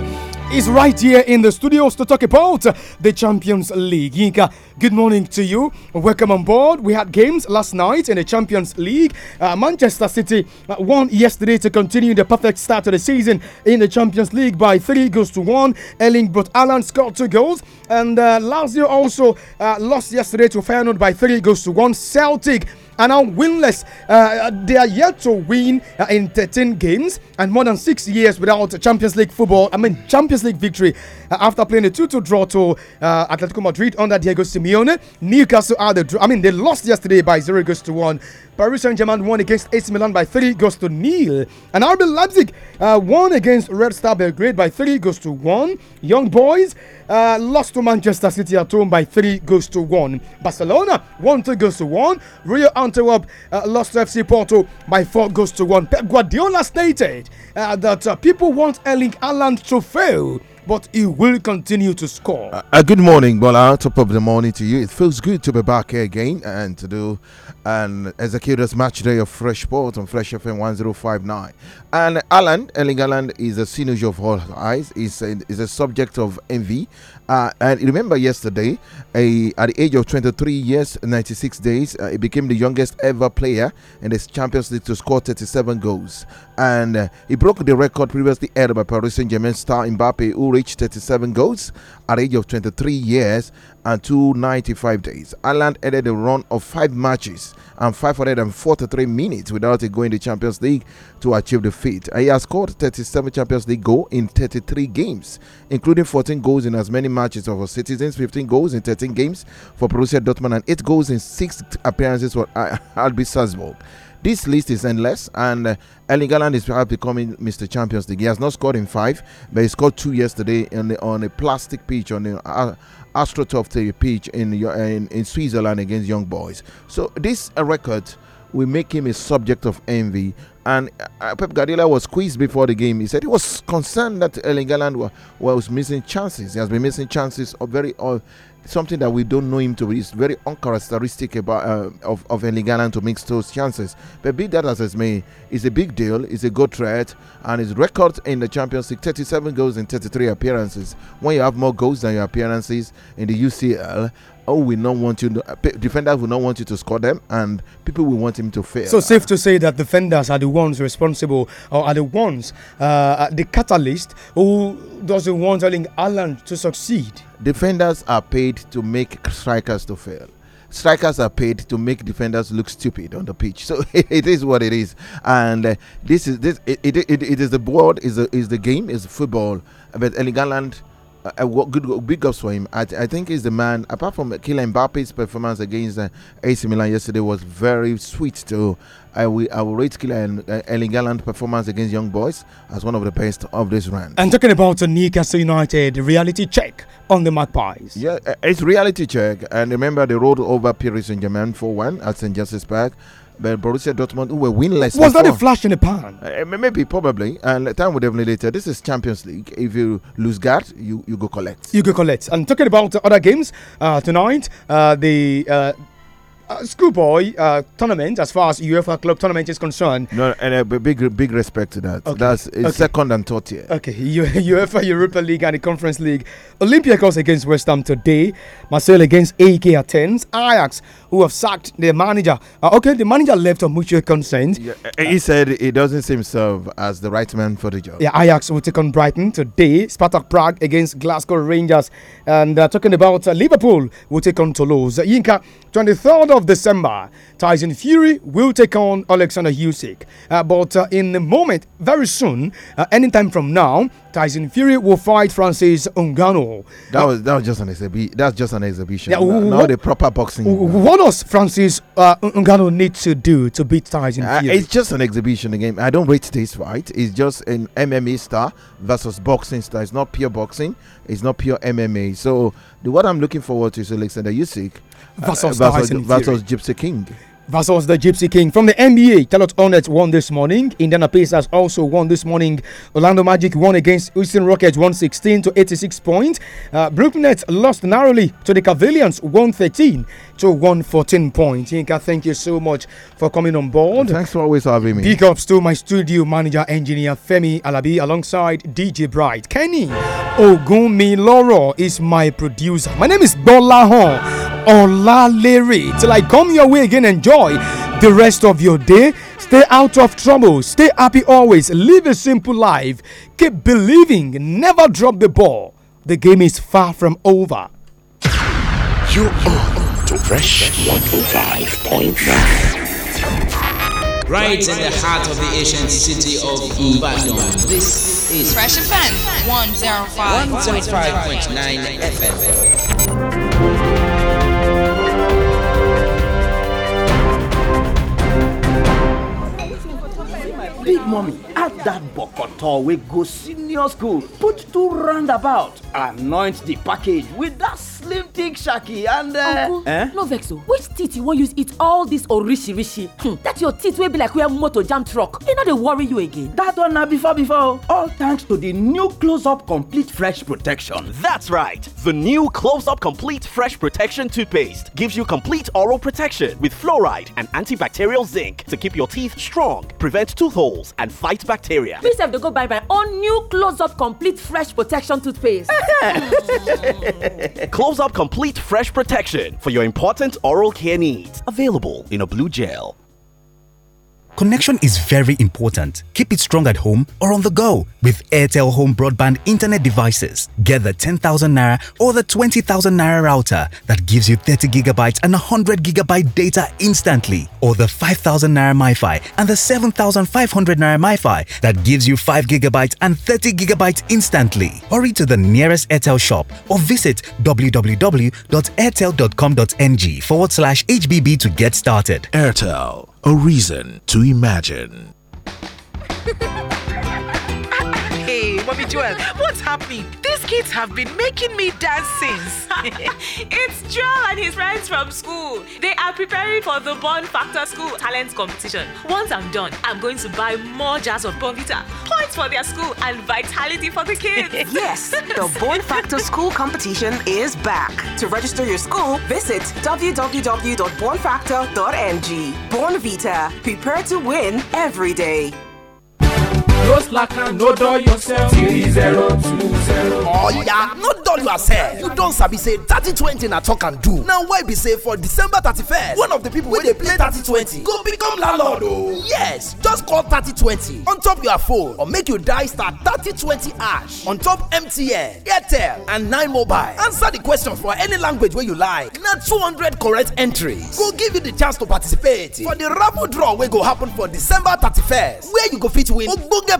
Speaker 14: is right here in the studios to talk about the Champions League. Yinka, good morning to you. Welcome on board. We had games last night in the Champions League. Uh, Manchester City uh, won yesterday to continue the perfect start of the season in the Champions League by three goals to one. Erling Brot Allen scored two goals. And uh, Lazio also uh, lost yesterday to Feyenoord by three goals to one. Celtic are now winless. Uh, uh, they are yet to win uh, in 13 games and more than six years without Champions League football. I mean, Champions League victory uh, after playing a 2 2 draw to uh, Atletico Madrid under Diego Simeone. Newcastle are the I mean, they lost yesterday by 0 goes to 1. Paris Saint Germain won against AC Milan by 3 goes to nil. And RB Leipzig uh, won against Red Star Belgrade by 3 goes to 1. Young Boys lost to Manchester City at home by 3 goes to 1. Barcelona 1 to goes to 1. Real Conte up uh, lost FC Porto by four goals to one. Pep Guardiola stated uh, that uh, people want Erling Haaland to fail but he will continue to score. Uh,
Speaker 16: uh, good morning, Bola. Top of the morning to you. It feels good to be back here again and to do an Ezekiel's match day of Fresh Port on Fresh FM 1059. And Alan, Erling Alan is a synergy of all eyes. He's a, he's a subject of envy uh, and remember yesterday, a, at the age of 23 years, 96 days, uh, he became the youngest ever player in this Champions League to score 37 goals. And uh, he broke the record previously held by Paris Saint-Germain star Mbappe, who reached 37 goals at the age of 23 years and 295 days. Ireland added a run of five matches and 543 minutes without going to Champions League to achieve the feat. He has scored 37 Champions League goals in 33 games, including 14 goals in as many matches of our citizens, 15 goals in 13 games for Borussia Dortmund, and 8 goals in 6 appearances for uh, Albi Salzburg. This list is endless, and uh, Erling Haaland is perhaps becoming Mr. Champions League. He has not scored in five, but he scored two yesterday on, the, on a plastic pitch on the uh, AstroTurf to your pitch in, your, in, in Switzerland against Young Boys. So this uh, record will make him a subject of envy. And uh, uh, Pep Guardiola was quizzed before the game. He said he was concerned that Erling Haaland was, was missing chances. He has been missing chances of very uh, something that we don't know him to be. It's very uncharacteristic about uh, of of Erling Haaland to mix those chances. But be that as it may, it's a big deal. It's a good threat, and his record in the Champions League: 37 goals in 33 appearances. When you have more goals than your appearances in the UCL, Oh, will not want you to, uh, defenders will not want you to score them and people will want him to fail. So
Speaker 14: safe to say that defenders are the ones responsible or are the ones uh,
Speaker 16: the catalyst who doesn't want Erling Haaland to succeed. Defenders are paid to make strikers to fail strikers are paid to make defenders look stupid on the pitch. So it is what it is, and uh, this is this it, it, it, it is the board is the, is the game is football. But Erling Haaland uh, what good big ups for him. I, I think he's the man. Apart from Kylian Mbappe's performance against uh, AC Milan yesterday was very sweet too. I will, I will rate Kylian uh, Erling Haaland's performance against Young Boys as one of the best of this round.
Speaker 14: And talking about uh, Newcastle United, reality check on the Magpies.
Speaker 16: Yeah, uh, it's reality check. And remember, they rolled over Paris Saint Germain 4 1 at St. Justice Park. But Borussia Dortmund, who were winless. Was before. that a flash in the pan? Uh, maybe, probably. And time will definitely later. This is Champions League. If you lose guard, you, you go collect.
Speaker 14: You go collect. And talking about other games uh, tonight, uh, the uh, uh, schoolboy uh, tournament as far as UEFA club tournament is concerned. No, and a big big respect to that. Okay. That's okay. second and third here. Okay, UEFA Europa League and the Conference League. Olympiacos against West Ham today. Marseille against A.K. Athens. Ajax, who have sacked their manager. Uh, okay, the manager left on mutual consent.
Speaker 16: Yeah, he said he doesn't seem serve as the right man for the job.
Speaker 14: Yeah, Ajax will take on Brighton today. Spartak Prague against Glasgow Rangers. And uh, talking about uh, Liverpool will take on Toulouse. Yinka, 23rd of of December, Tyson Fury will take on Alexander Usyk. Uh, but uh, in the moment, very soon, uh, anytime from now, Tyson Fury will fight Francis Ngannou. That uh,
Speaker 16: was that was just an exhibition. That's just an exhibition. Yeah, now, the proper boxing. Uh,
Speaker 14: what does Francis uh, Ngannou need to do to beat Tyson uh, Fury? it's
Speaker 16: just an exhibition again. I don't rate this fight. It's just an MMA star versus boxing star. It's not pure boxing. It's not pure MMA. So the, what I'm looking forward to is Alexander Usyk versus, uh, versus, the, versus Gypsy King
Speaker 14: versus the Gypsy King. From the NBA, Charlotte Hornets won this morning. Indiana Pacers also won this morning. Orlando Magic won against Houston Rockets 116 to 86 points. Uh, Brooklyn Nets lost narrowly to the Cavaliers 113 to 114 points. Inka, thank you so much for coming on board. Thanks for
Speaker 16: always having me. Big
Speaker 14: ups to my studio manager, engineer Femi Alabi, alongside DJ Bright. Kenny Ogunmiloro is my producer. My name is Bolahon. Olalere. Till I come your way again, enjoy the rest of your day. Stay out of trouble. Stay happy always. Live a simple life. Keep believing. Never drop the ball. The game is far from over. You are
Speaker 10: to Fresh 105.9.
Speaker 4: Right in the heart of the ancient city of Ibadan. This
Speaker 11: is
Speaker 9: Fresh Offense 105.9
Speaker 11: FM.
Speaker 10: big mommy add that bokoto wey go senior school put two roundabout anoint the package with that slim
Speaker 7: thick shaki and. Uh, uncle eh? no vex o which teeth you wan use eat all this orishirishi hmm. that your teeth wey be like where motor jam truck e no dey worry you again. that one na before before all
Speaker 15: thanks to the new close up complete fresh protection. that's right the new close up complete fresh protection toothpaste gives you complete oral protection with fluoride and antibacterial zinc to keep your teeth strong prevent tooth holes and fight bacteria.
Speaker 7: me sef dey go buy my own new close up complete fresh protection toothpaste.
Speaker 15: Close Up Complete Fresh Protection for your important oral care needs. Available in a blue gel.
Speaker 17: Connection is very important. Keep it strong at home or on the go with Airtel Home Broadband Internet devices. Get the 10,000 Naira or the 20,000 Naira router that gives you 30 gigabytes and 100 gigabyte data instantly, or the 5,000 Naira MiFi and the 7,500 Naira MiFi that gives you 5 gigabytes and 30 gigabytes instantly. Hurry to the nearest Airtel shop or visit www.airtel.com.ng forward slash HBB to get started. Airtel a reason to imagine.
Speaker 7: hey, Mommy Joel, what's happening? kids have been making me dance since. it's Joel and his friends from school. They are preparing for the Born Factor School Talent Competition. Once I'm done, I'm going to buy more jars of Bonvita, points for their school, and vitality for the kids. yes, the
Speaker 9: Born Factor School Competition is back. To register your school, visit www.bornfactor.ng. Born Vita, prepare to win every day.
Speaker 4: no slack and no door yourself. three zero two zero. Oh
Speaker 9: yeah, no dull yourself you don't sabi say thirty
Speaker 8: twenty na talk and do Now why be say for december thirty first one of the people wey dey play thirty twenty go
Speaker 5: become landlord o. Oh. yes just call thirty twenty on top your phone or make you die star thirty twenty ash on top mtn airtel and nine mobile answer the question for
Speaker 10: any
Speaker 8: language wey you like na two hundred correct entries go give you the chance to participate for the raffle draw wey go happen for december thirty first where you go fit win ogbonge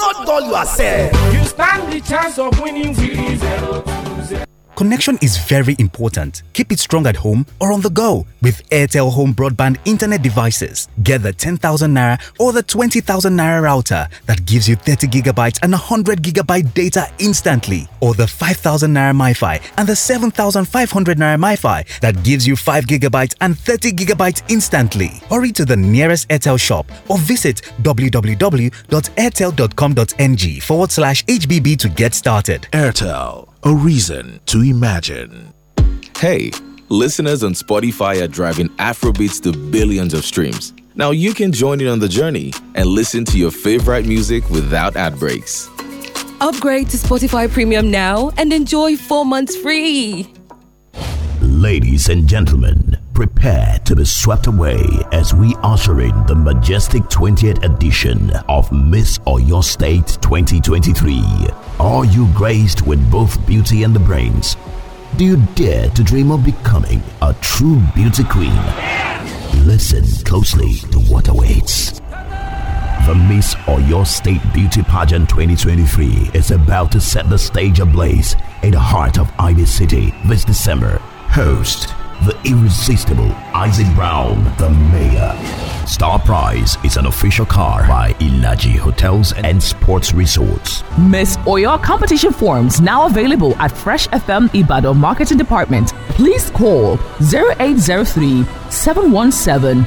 Speaker 8: not dull yourself. You stand the chance of winning with 0.
Speaker 17: Connection is very important. Keep it strong at home or on the go with Airtel Home Broadband Internet devices. Get the 10,000 Naira or the 20,000 Naira router that gives you 30 gigabytes and 100 gigabyte data instantly, or the 5,000 Naira MiFi and the 7,500 Naira MiFi that gives you 5 gigabytes and 30 gigabytes instantly. Hurry to the nearest Airtel shop or visit www.airtel.com.ng forward slash HBB to get started. Airtel a reason to imagine.
Speaker 1: Hey, listeners on Spotify are driving Afrobeats to billions of streams. Now you can join in on the journey and listen to your favorite
Speaker 5: music without ad breaks.
Speaker 7: Upgrade to Spotify Premium now and enjoy four months free.
Speaker 5: Ladies and gentlemen, prepare to be swept away as we usher in the majestic 20th edition of Miss or Your State 2023. Are you graced with both beauty and the brains? Do you dare to dream of becoming a true beauty queen? Listen closely to what awaits. The Miss or Your State Beauty Pageant 2023 is about to set the stage ablaze in the heart of Ivy City this December. Host the irresistible Isaac Brown, the mayor. Star Prize is an official car by Ilaji Hotels and Sports Resorts.
Speaker 9: Miss Oyo competition forms now available at Fresh FM Ibado Marketing Department. Please call 0803 717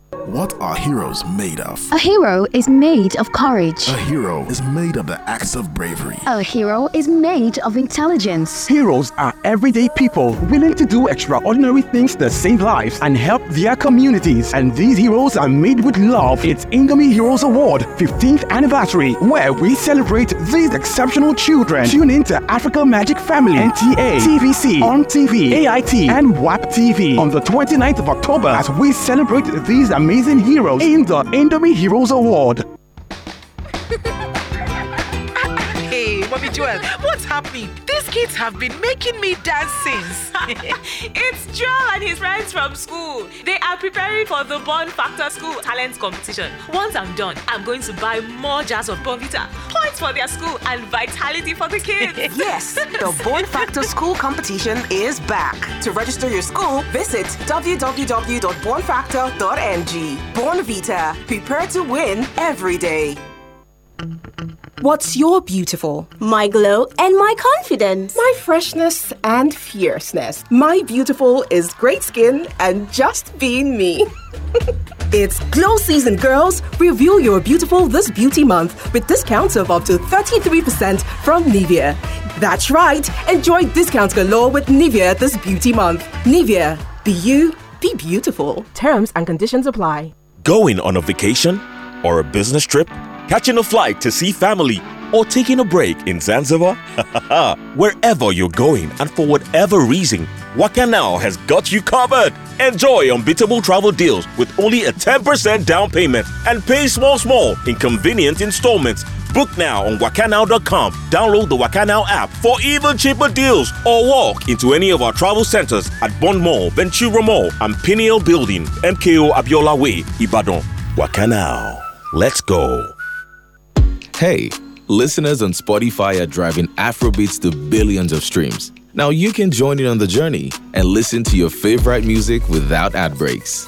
Speaker 6: What are heroes made of?
Speaker 9: A hero is made of courage. A hero is
Speaker 6: made of the acts of bravery.
Speaker 9: A hero is made of intelligence. Heroes are everyday
Speaker 6: people willing to do extraordinary things that save lives and help their communities. And these heroes are made with love. It's Indomie Heroes Award 15th anniversary, where we celebrate these exceptional children. Tune in to Africa Magic Family, NTA, TVC, On TV, AIT, and WAP TV on the 29th of October as we celebrate these amazing Amazing Heroes in the Indomie Heroes Award.
Speaker 7: hey, Mommy Joel, what's happening? These kids have been making me dance since. it's Joel and his friends from school. They are preparing for the Bond Factor School Talent Competition. Once I'm done, I'm going to buy more jars of Bonvita for their school and vitality for the kids. yes, the
Speaker 9: Born Factor School Competition is back. To register your school, visit www.bornfactor.ng. Born Vita, prepare to win every day.
Speaker 7: What's your beautiful?
Speaker 9: My glow and my confidence. My freshness and fierceness. My beautiful is great skin and just being me. It's glow season, girls. Review your beautiful this beauty month with discounts of up to 33% from Nivea. That's right. Enjoy discounts galore with Nivea this beauty month. Nivea, be you, be beautiful. Terms and conditions
Speaker 7: apply.
Speaker 1: Going on a vacation or a business trip, catching a flight to see family or taking a break in Zanzibar? Wherever you're going and for whatever reason, Waka Now has got you covered. Enjoy unbeatable travel deals with only a 10% down payment and pay small, small in convenient installments. Book now on wakanow.com. Download the Wakanow app for even cheaper deals or walk into any of our travel centers at Bond Mall, Ventura Mall, and Pineal Building, MKO Abiola Way, Ibadan. Wakanow. Let's go. Hey listeners on Spotify are driving Afrobeats to billions of streams. Now you can join in on the journey and listen to your favorite music without ad breaks.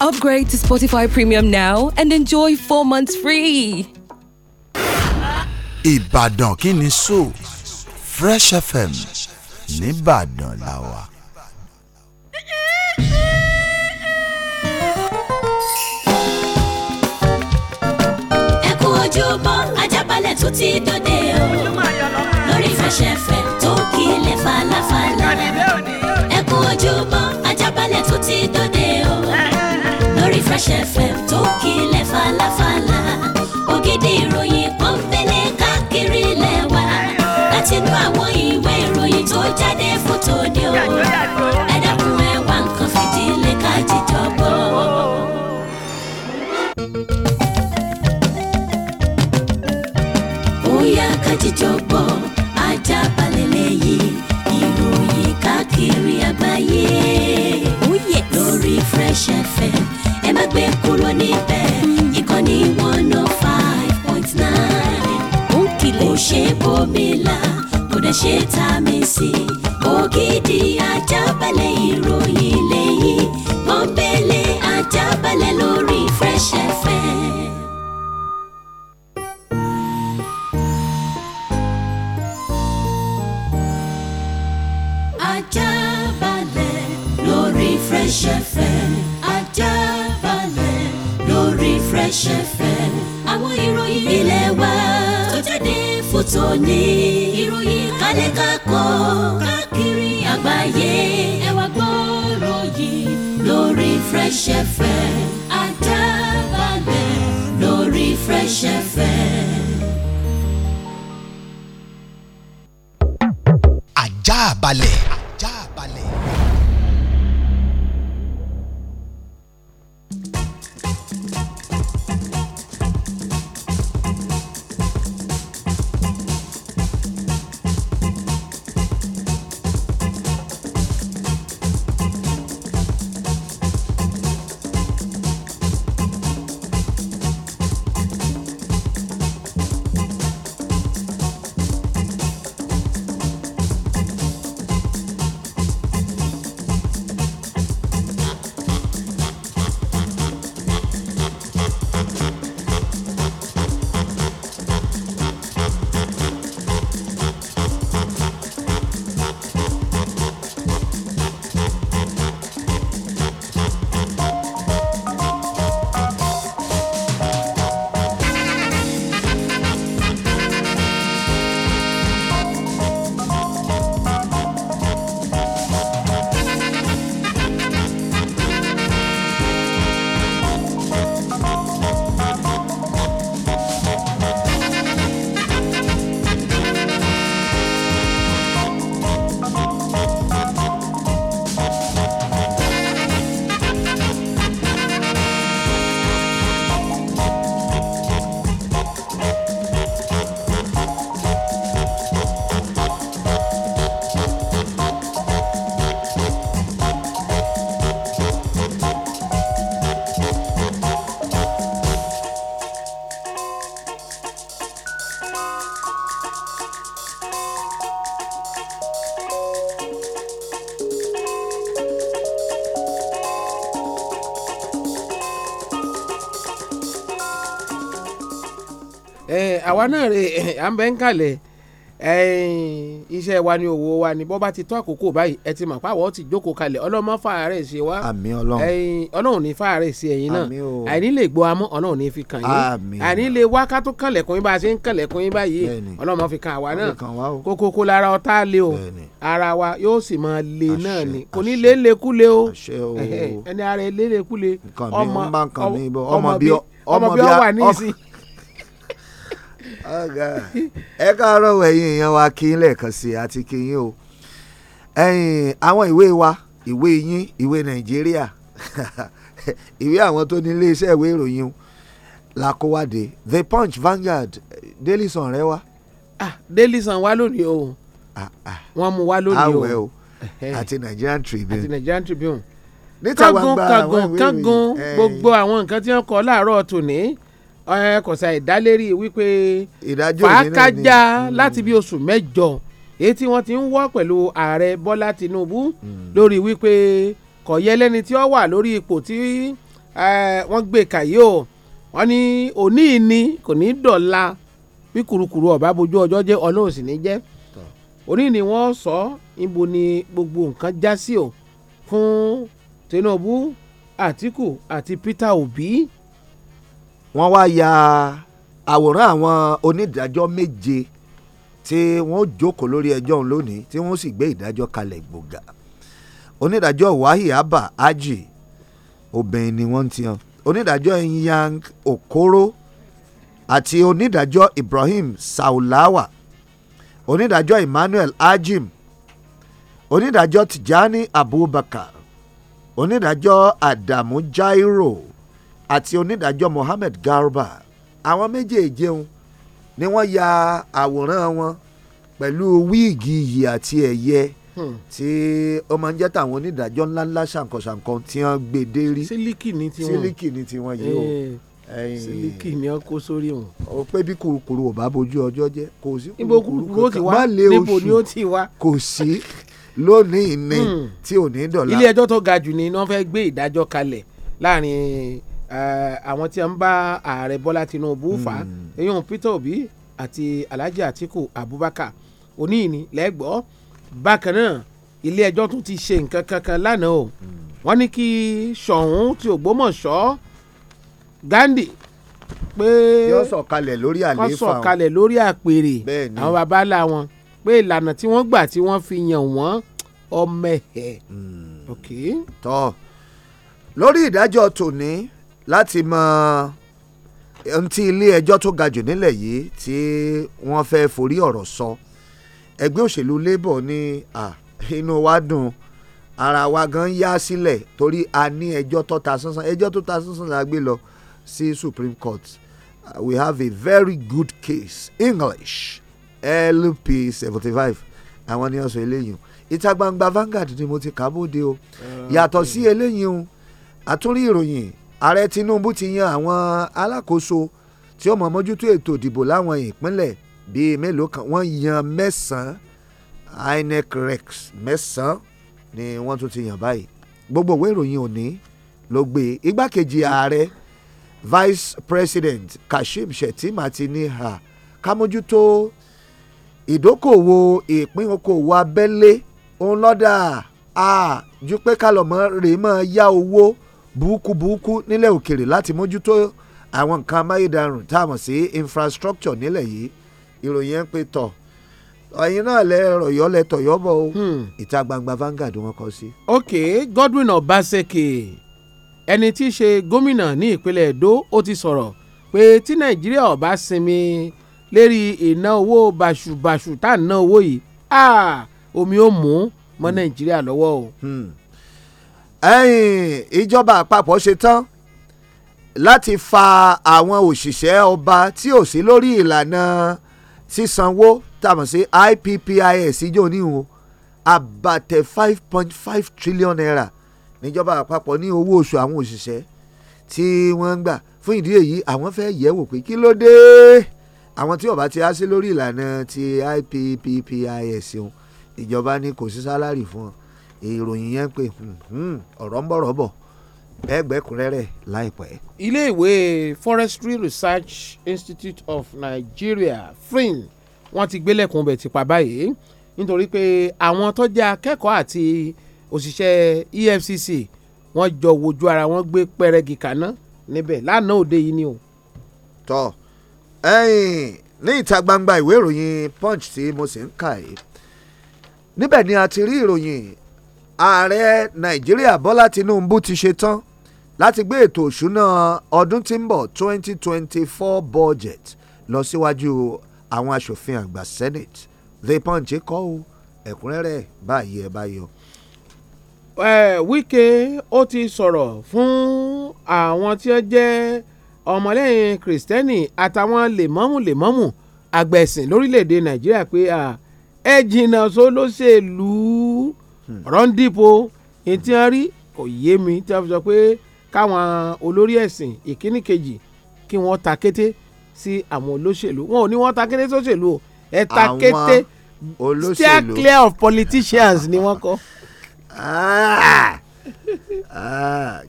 Speaker 7: Upgrade to Spotify Premium now and enjoy four months free.
Speaker 8: Ibadan kini so Fresh FM nìbàdàn
Speaker 12: làwà. Ẹ kú ojúbọ balẹ̀ tó ti dòde o lórí fẹsẹ̀fẹ̀ tó kílẹ̀ falafala ẹ ojúmọ́ ajábalẹ̀ tó ti dòde o lórí fẹsẹ̀fẹ̀ tó kílẹ̀ falafala ògidì ìròyìn kan fẹ́lẹ́ káàkiri lẹ́wà láti inú àwọn ìwé ìròyìn tó jáde fótó ni o ẹ dákun nǹkan fìdílé ká jíjọ gbọ́. àjíjọpọ̀ Ajaabale lẹ́yìn ìròyìn káàkiri àgbáyé. Ó oh, yẹ lórí Fresh FM ẹ má gbé kúrò níbẹ̀ ìkànnì one oh five point nine. Ó kìlẹ̀ kò ṣe bomi la kò dẹ̀ ṣe tá a mi sí. Ògidì Ajaabale ìròyìn lẹ́yìn pọ́npẹ́lẹ́ Ajaabale lórí Fresh FM. fresh fẹ́ Ajaabale lórí fresh fẹ́ àwọn ìròyìn ilé wa tó jáde fún tòní ìròyìn kálẹ̀ kakọ́ káàkiri àgbáyé ẹ wá gbọ́rọ̀ yìí lórí fresh fẹ́ Ajaabale lórí fresh fẹ́.
Speaker 8: Ajaabale.
Speaker 18: àwa náà rè à ń bẹ́ ń kalẹ̀ iṣẹ́ wa ni òwò wa ni bọ́ bá ti tó àkókò báyìí ẹ ti mọ̀ pé àwọn ti jókòó kalẹ̀ ọlọ́mọ fàárẹ̀ ṣe wá ọlọ́run ní fàárẹ̀ ṣe ẹ̀yin náà àìní lè gbọ́ amọ́ ọlọ́run ní fi kàn yín àìní lè wá ká tó kànlẹ̀kùn yín bá a ṣe ń kànlẹ̀kùn yín báyìí ọlọ́mọ fi kàn àwa náà kókókó lára ọ̀tá lé o ara wa yóò sì máa lé náà ni kò ní lé o ẹni ara lé lékúlé ọmọ bí ọmọ bí ọmọ bí
Speaker 19: ẹ káàárọ̀ ẹ̀yin èèyàn wa kí n lẹ́ẹ̀kan sí àti kí yín o ẹ̀yin àwọn ìwé wa ìwé yín ìwé nàìjíríà ìwé àwọn tó ní iléeṣẹ́ ìwé ìròyìn la the punch Vanguard Daily Sun
Speaker 18: rẹ wá. ah Daily Sun wá lónìí o wọ́n mú wá lónìí o
Speaker 19: awẹ àti Nigerian Tribune àti
Speaker 18: Nigerian Tribune. níta gbangba àwọn ìwé ìròyìn kángun kángun gbogbo àwọn nǹkan tí wọ́n kọ láàárọ̀ tòní kọ̀sà ìdálérí wípé fàákájà hmm. láti bí oṣù mẹ́jọ èyí tí wọ́n ti ń wọ́ pẹ̀lú ààrẹ Bọ́lá Tinubu hmm. lórí wípé kò yẹ lẹ́ni tí ó wà lórí ipò tí wọ́n gbé kàyé o wọ́n ní òní ìní kò ní dọ̀la bí kùrukùru ọ̀bá bojú ọjọ́ jẹ́ ọlọ́run sì ní jẹ́ òní ni wọ́n sọ ibo ni gbogbo nǹkan já sí o fún Tinubu atiku àti Peter Obi wọ́n wá ya àwòrán àwọn onídàájọ́
Speaker 19: méje tí wọ́n jókòó lórí ẹjọ́ òun lónìí tí wọ́n sì gbé ìdájọ́ kalẹ̀ gbòógà onídàájọ́ wahid abba aji obìnrin ni wọ́n ti hàn onídàájọ́ yang okoro àti onídàájọ́ ibrahim saulawa onídàájọ́ emmanuel ajim onídàájọ́ tijani abubakar onídàájọ́ adamu jairo àti onídàájọ́ Mohammed Garba àwọn méjèèjì ń ni wọ́n ya àwòrán wọn pẹ̀lú wíìgì iyì àti ẹ̀yẹ hmm. tí ó máa ń jẹ́ tàwọn onídàájọ́ ńláńlá ṣàǹkọṣàǹkọ tí wọ́n gbé dé rí sílíkì ni tiwọn sílíkì ni tiwọn yìí o eh, sílíkì ni wọ́n kó sórí wọn. ó pé bí kùrùkùrù ò bá bójú ọjọ́
Speaker 18: jẹ́ kò sí kùrùkùrù kan má lé oṣù
Speaker 19: kò sí lónìí ni hmm. tí ò ní dọ̀la. ilé
Speaker 18: ẹjọ́ tó ga jù ni wọ́n fẹ́ gbé ìdájọ́ kalẹ̀ láàrin Eh, àwọn tí a ń bá ààrẹ bọ́lá tinubu fà hmm. eyín peter obi àti alhaji atiku abubakar oníyìní lẹ́gbọ́ bákan náà ilé ẹjọ́ tún ti ṣe nǹkan kankan lánàá o hmm. wọ́n ní kí ṣọ̀ún ti ògbómọ̀ṣọ́ gandhi pé yóò sọ̀kalẹ̀ lórí àlééfà wọn sọ̀kalẹ̀ lórí àpèrè àwọn baba ńlá wọn pé ìlànà tí wọ́n gbà tí wọ́n fi yàn wọ́n ọmọ ẹ̀. Hmm. tọ́ lórí ìdájọ́ tòní
Speaker 19: láti mọ ohun tí ilé ẹjọ́ tó ga jù nílẹ̀ yìí tí wọ́n fẹ́ forí ọ̀rọ̀ sọ ẹgbẹ́ òṣèlú labour ní inú wa dùn ara wa gan yá sílẹ̀ torí a ní ẹjọ́ tó ta sánsán ẹjọ́ tó ta sánsán la gbé lọ sí Supreme Court uh, we have a very good case English LP seventy five àwọn ni ọ̀sán eléyìí ìta gbangba Vanguard ni mo ti kà á bóde o ah, yàtọ̀ sí eléyìí o àtúrí ìròyìn ààrẹ Tinubu ti yan àwọn alákòóso tí ó mọ̀ mójútó ètò ìdìbò láwọn ìpínlẹ̀ bíi mélòó kan wọ́n yan mẹ́sàn-án INEC rex mẹ́sàn-án ni wọ́n tún ti yàn báyìí gbogbo ìwé ìròyìn òní ló gbé e. igbákejì ààrẹ vice president Kashim Shettima ti ní ha kámójútó ìdókòwò ìpín okòwò abẹ́lé òun lọ́dà a ju pé kálọ̀mọ́ rèé mọ́ ya owó burúkú-burúkú nílẹ̀ òkèrè láti mójútó àwọn nǹkan amáyédẹrùn tá a mọ̀ sí infrastructure nílẹ̀ yìí
Speaker 18: ìròyìn ẹ̀ ń pe tọ̀
Speaker 19: ẹ̀yin náà lẹ rọ̀yọ́ lẹ tọ̀yọ́ bọ̀ o hmm. ìta gbangba
Speaker 18: Vanguard wọn kọ sí. ok Godwin Obaseki ẹni tí í ṣe gómìnà ní ìpínlẹ̀ Edo ó ti sọ̀rọ̀ pé tí Nàìjíríà ò bá sinmi lérí ìná owó bàṣùbàṣù tá à ń ná owó yìí omi ó mú mọ́ hmm. Nàìjíríà lọ́wọ́ o. Hmm ìjọba àpapọ̀ ṣe tán
Speaker 19: láti fa àwọn òṣìṣẹ́ ọba tí ò sí lórí ìlànà sísanwó tàbí sí IPPIS ìjọ oníhun àbàtẹ five point five trillion naira níjọba àpapọ̀ ní owó oṣù àwọn òṣìṣẹ́ tí wọ́n ń gbà fún ìdí èyí àwọn fẹ́ yẹ̀ wò pé kí ló dé àwọn tí ọba ti há sí lórí ìlànà ti IPPIS ìjọba ní kò sí sálárì fún wọn ìròyìn yẹn pé hmm, ọ̀rọ̀ ń bọ̀rọ̀ bọ̀ ẹgbẹ́kúnrẹ́rẹ́ láìpẹ́.
Speaker 18: iléèwé forestry research institute of nigeria frin wọ́n ti gbélẹ̀kùn bẹ̀ tìpa báyìí nítorí pé àwọn tó jẹ́ akẹ́kọ̀ọ́ àti òṣìṣẹ́ efcc wọ́n jọ wojú ara wọn gbé pẹrẹgì kaná níbẹ̀ lánàá òde yìí ni o. tọ ẹ̀yin ní ìta gbangba
Speaker 19: ìwé ìròyìn punch tí mo sì ń kà yìí níbẹ̀ ni a ti rí ìròyìn ààrẹ nàìjíríà bọ́lá tinubu ti ṣe tán láti gbé ètò òṣùná ọdún tí ń bọ̀ 2024 budget lọ síwájú àwọn aṣòfin àgbà senate the punch kọ́ ọ ẹ̀kúnrẹ́rẹ́ báyìí ẹ bá yọ.
Speaker 18: Wike ó ti sọ̀rọ̀ fún àwọn tí ó jẹ́ ọmọlẹ́yìn kristẹni àtàwọn lèmọ́mù lèmọ́mù àgbẹ̀sìn lórílẹ̀‐èdè nàìjíríà pé ẹ jìnnà sólóṣèlú. So ọ̀rọ̀ ń dìbò rí kò mi tí wọ́n fi sọ pé káwọn olórí ẹ̀sìn ìkíní kejì kí wọ́n ta kété sí àwọn olóṣèlú wọn ò ní wọ́n ta kété sóṣèlú o ẹ ta kété steer clear of politicians ni wọ́n kọ́. Ah! Ah!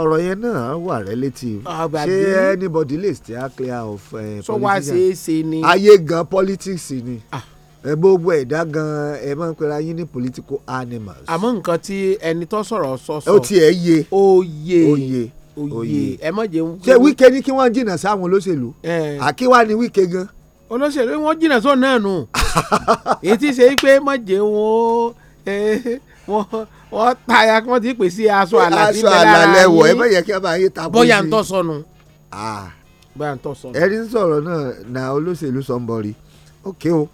Speaker 18: ọ̀rọ̀ yẹn náà wà
Speaker 19: relative ṣé anybody lè steer clear of eh, politicians. ayé gan politics ni. Ah ẹ gbogbo ẹ̀dá gan ẹ máa ń pera yín ní political
Speaker 18: animals. àmọ́ nǹkan tí ẹni tó sọ̀rọ̀ sọ sọ. ó tiẹ̀ yé. ó yé ó yé ó yé ẹ mọ̀ jẹun. ṣé wíkẹ́ ní kí wọ́n jìnnà sáwọn olóṣèlú. àkíwá ni wíkẹ́ gan. olóṣèlú wọn jìnnà sọ náà nù. èyí ti ṣe é pé mọ̀ jẹun ó wọ́n taya kí wọ́n ti pèsè aṣọ àlàdé bẹ́ẹ̀ lára yín. aṣọ àlàlẹ́ wọ̀ ẹ bẹ́ẹ̀ yẹ kí a máa yé ta bóyá. Ah. bóyá ń tọ́ sọnù. bóyá ń tọ́ sọnù.
Speaker 19: ẹni sọ̀rọ̀ náà na olóṣèlú sọ̀nbọ̀rì ókè o. Okay, oh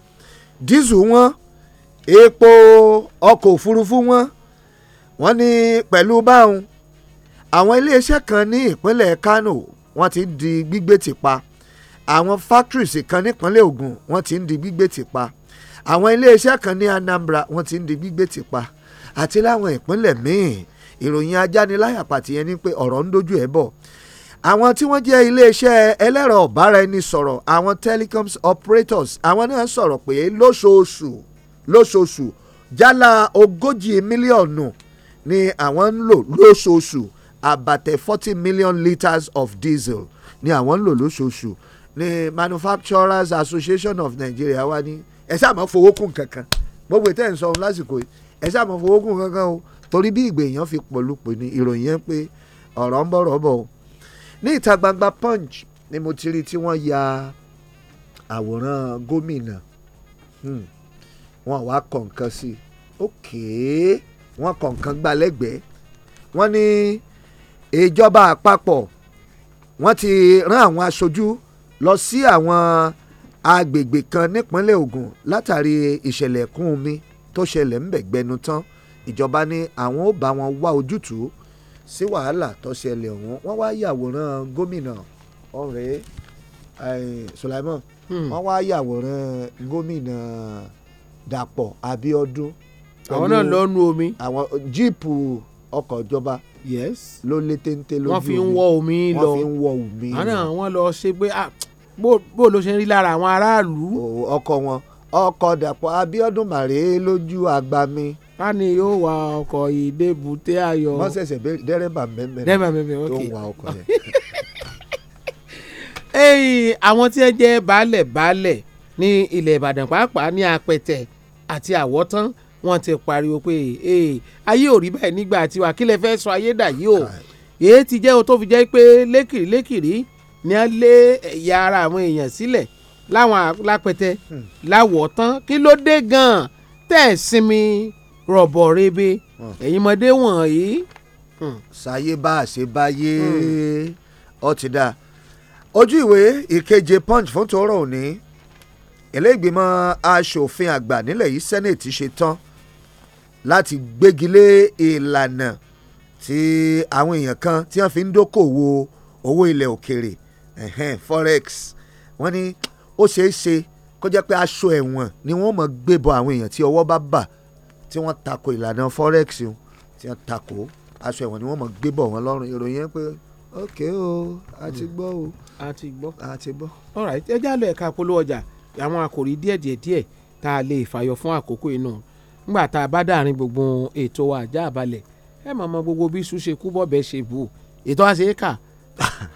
Speaker 19: dísù wọn epo ọkọ̀ òfurufú wọn wọ́n ní pẹ̀lú báwọn àwọn iléeṣẹ́ kan ní ìpínlẹ̀ Kano wọ́n ti ń di gbígbé tì pa àwọn factories kan nípínlẹ̀ Ògùn wọ́n ti ń di gbígbé tì pa àwọn iléeṣẹ́ kan ní Anambra wọ́n ti ń di gbígbé tì pa àti láwọn ìpínlẹ̀ míì ìròyìn ajániláyàpàtì yẹn ni pé ọ̀rọ̀ ń dojú ẹ̀ bọ̀ àwọn tí wọ́n jẹ́ iléeṣẹ́ ẹlẹ́rọ ọ̀bára-ẹni-sọ̀rọ̀ àwọn telecoms operators àwọn náà sọ̀rọ̀ pé lóṣooṣù lóṣooṣù jálá ogójì mílíọ̀nù ni àwọn ń lò lóṣooṣù àbàtẹ̀ forty million litres of diesel ni àwọn ń lò lóṣooṣù ni manufacturers association of Nigeria wá ní ẹ sáàmọ́ fowó kún kankan gbogbo ìtẹ́ ń sọ ohun lásìkò ẹ sáàmọ́ fowó kún kankan o torí bí ìgbèyàn fi pọ̀lú pè ní ìròyìn yẹn pé ọ̀rọ̀ ń bọ̀rọ̀ bọ̀ o ní ìta gbangba punch ni mo ti rí tí wọ́n ya àwòrán gómìnà hmm. wọn wá kọ̀ nǹkan sí i okay wọn kọ̀ nǹkan gbà lẹ́gbẹ̀ẹ́ wọ́n ní ìjọba àpapọ̀ wọ́n ti rán àwọn aṣojú lọ sí àwọn agbègbè kan nípínlẹ̀ Ògùn látàrí ìṣẹ̀lẹ̀ kún omi tó ṣẹlẹ̀ ń tán ìjọba ní àwọn ó bá wọn wá ojútùú sí wàhálà tó ṣẹlẹ̀ ọ̀hún wọ́n wá yàwòrán gómìnà ọ̀rẹ́ Sulaimon hmm. wọ́n wá yàwòrán gómìnà Dàpọ̀ Abíọ́dún. àwọn náà lọ nu omi. àwọn jíìpù ọkọ̀ ìjọba yes ló lé téńté lójú omi wọ́n fi ń wọ omi lọ wọ́n fi ń
Speaker 18: wọ omi lọ àná àwọn lọ ṣe pé ah, bó ló ṣe ń rí lára àwọn aráàlú.
Speaker 19: ọkọ wọn ọkọ̀ Dàpọ̀ Abíọ́dún màrè lójú àgbà mi ká ni
Speaker 18: yóò wa ọkọ̀ yìí dé bùté ayọ̀.
Speaker 16: wọ́n ṣẹ̀ṣẹ̀
Speaker 19: bẹ
Speaker 18: dẹ́rẹ́bà mẹ́mẹ́
Speaker 19: dẹ́rẹ́bà mẹ́mẹ́ ok tó ń wa ọkọ̀ yẹn.
Speaker 18: àwọn tí ẹ jẹ́ baálẹ̀ baálẹ̀ ní ilẹ̀ Ìbàdàn pàápàá ní Apẹ̀tẹ̀ àti Àwọ̀tán wọ́n ti pariwo pé ayé ò rí bẹ́ẹ̀ nígbà tiwa kí lẹ fẹ́ sọ ayé dà yìí o èyí ti jẹ́ o tó fi jẹ́ pé lékìrí lékìrí ni a lé ẹ̀yà ara àwọn èèyàn sílẹ̀ láwọn lápẹtẹ hmm. láwọ̀ kí ló dé gan-an tẹ̀ sinmi rọ̀bọ̀ rebe hmm. ẹ̀yin ọmọdé wọ̀nyí. Hmm. ṣayé bá a ṣe báyé
Speaker 19: ọ hmm. ti dá ojú ìwé ìkeje punch fún tòórọ́ òní ẹlẹ́gbẹ̀mọ aṣòfin àgbà nílẹ̀ yìí senate ṣe tán láti gbégilé ìlànà tí àwọn èèyàn kan tí wọ́n fi ń dókòwò owó ilẹ̀ òkèrè forex wọ́n ní ó ṣeé ṣe kó jẹ́ pé aṣọ ẹ̀wọ̀n ni wọ́n mọ̀ gbébọ àwọn èèyàn tí ọwọ́ bá bà. Ba tí wọ́n tako ìlànà forex tí wọ́n tako aṣọ ẹ̀wọ̀n ni wọ́n mọ̀ gbé bọ̀ wọ́n lọ́rùn ìròyìn yẹn pé ok o a ti gbọ́ o. a ti gbọ́ a ti gbọ́.
Speaker 18: alright ẹ já lọ ẹ̀ka polówó ọjà àwọn àkòrí díẹ̀ díẹ̀ díẹ̀ tá a lè fàyọ fún àkókò inú nígbà tá a bá dàrin gbogbo ètò wa àjá àbálẹ̀ ẹ mọ̀ mọ gbogbo bí iṣu ṣe kú bọ́ọ̀bẹ ṣe bù ètò àṣeéka.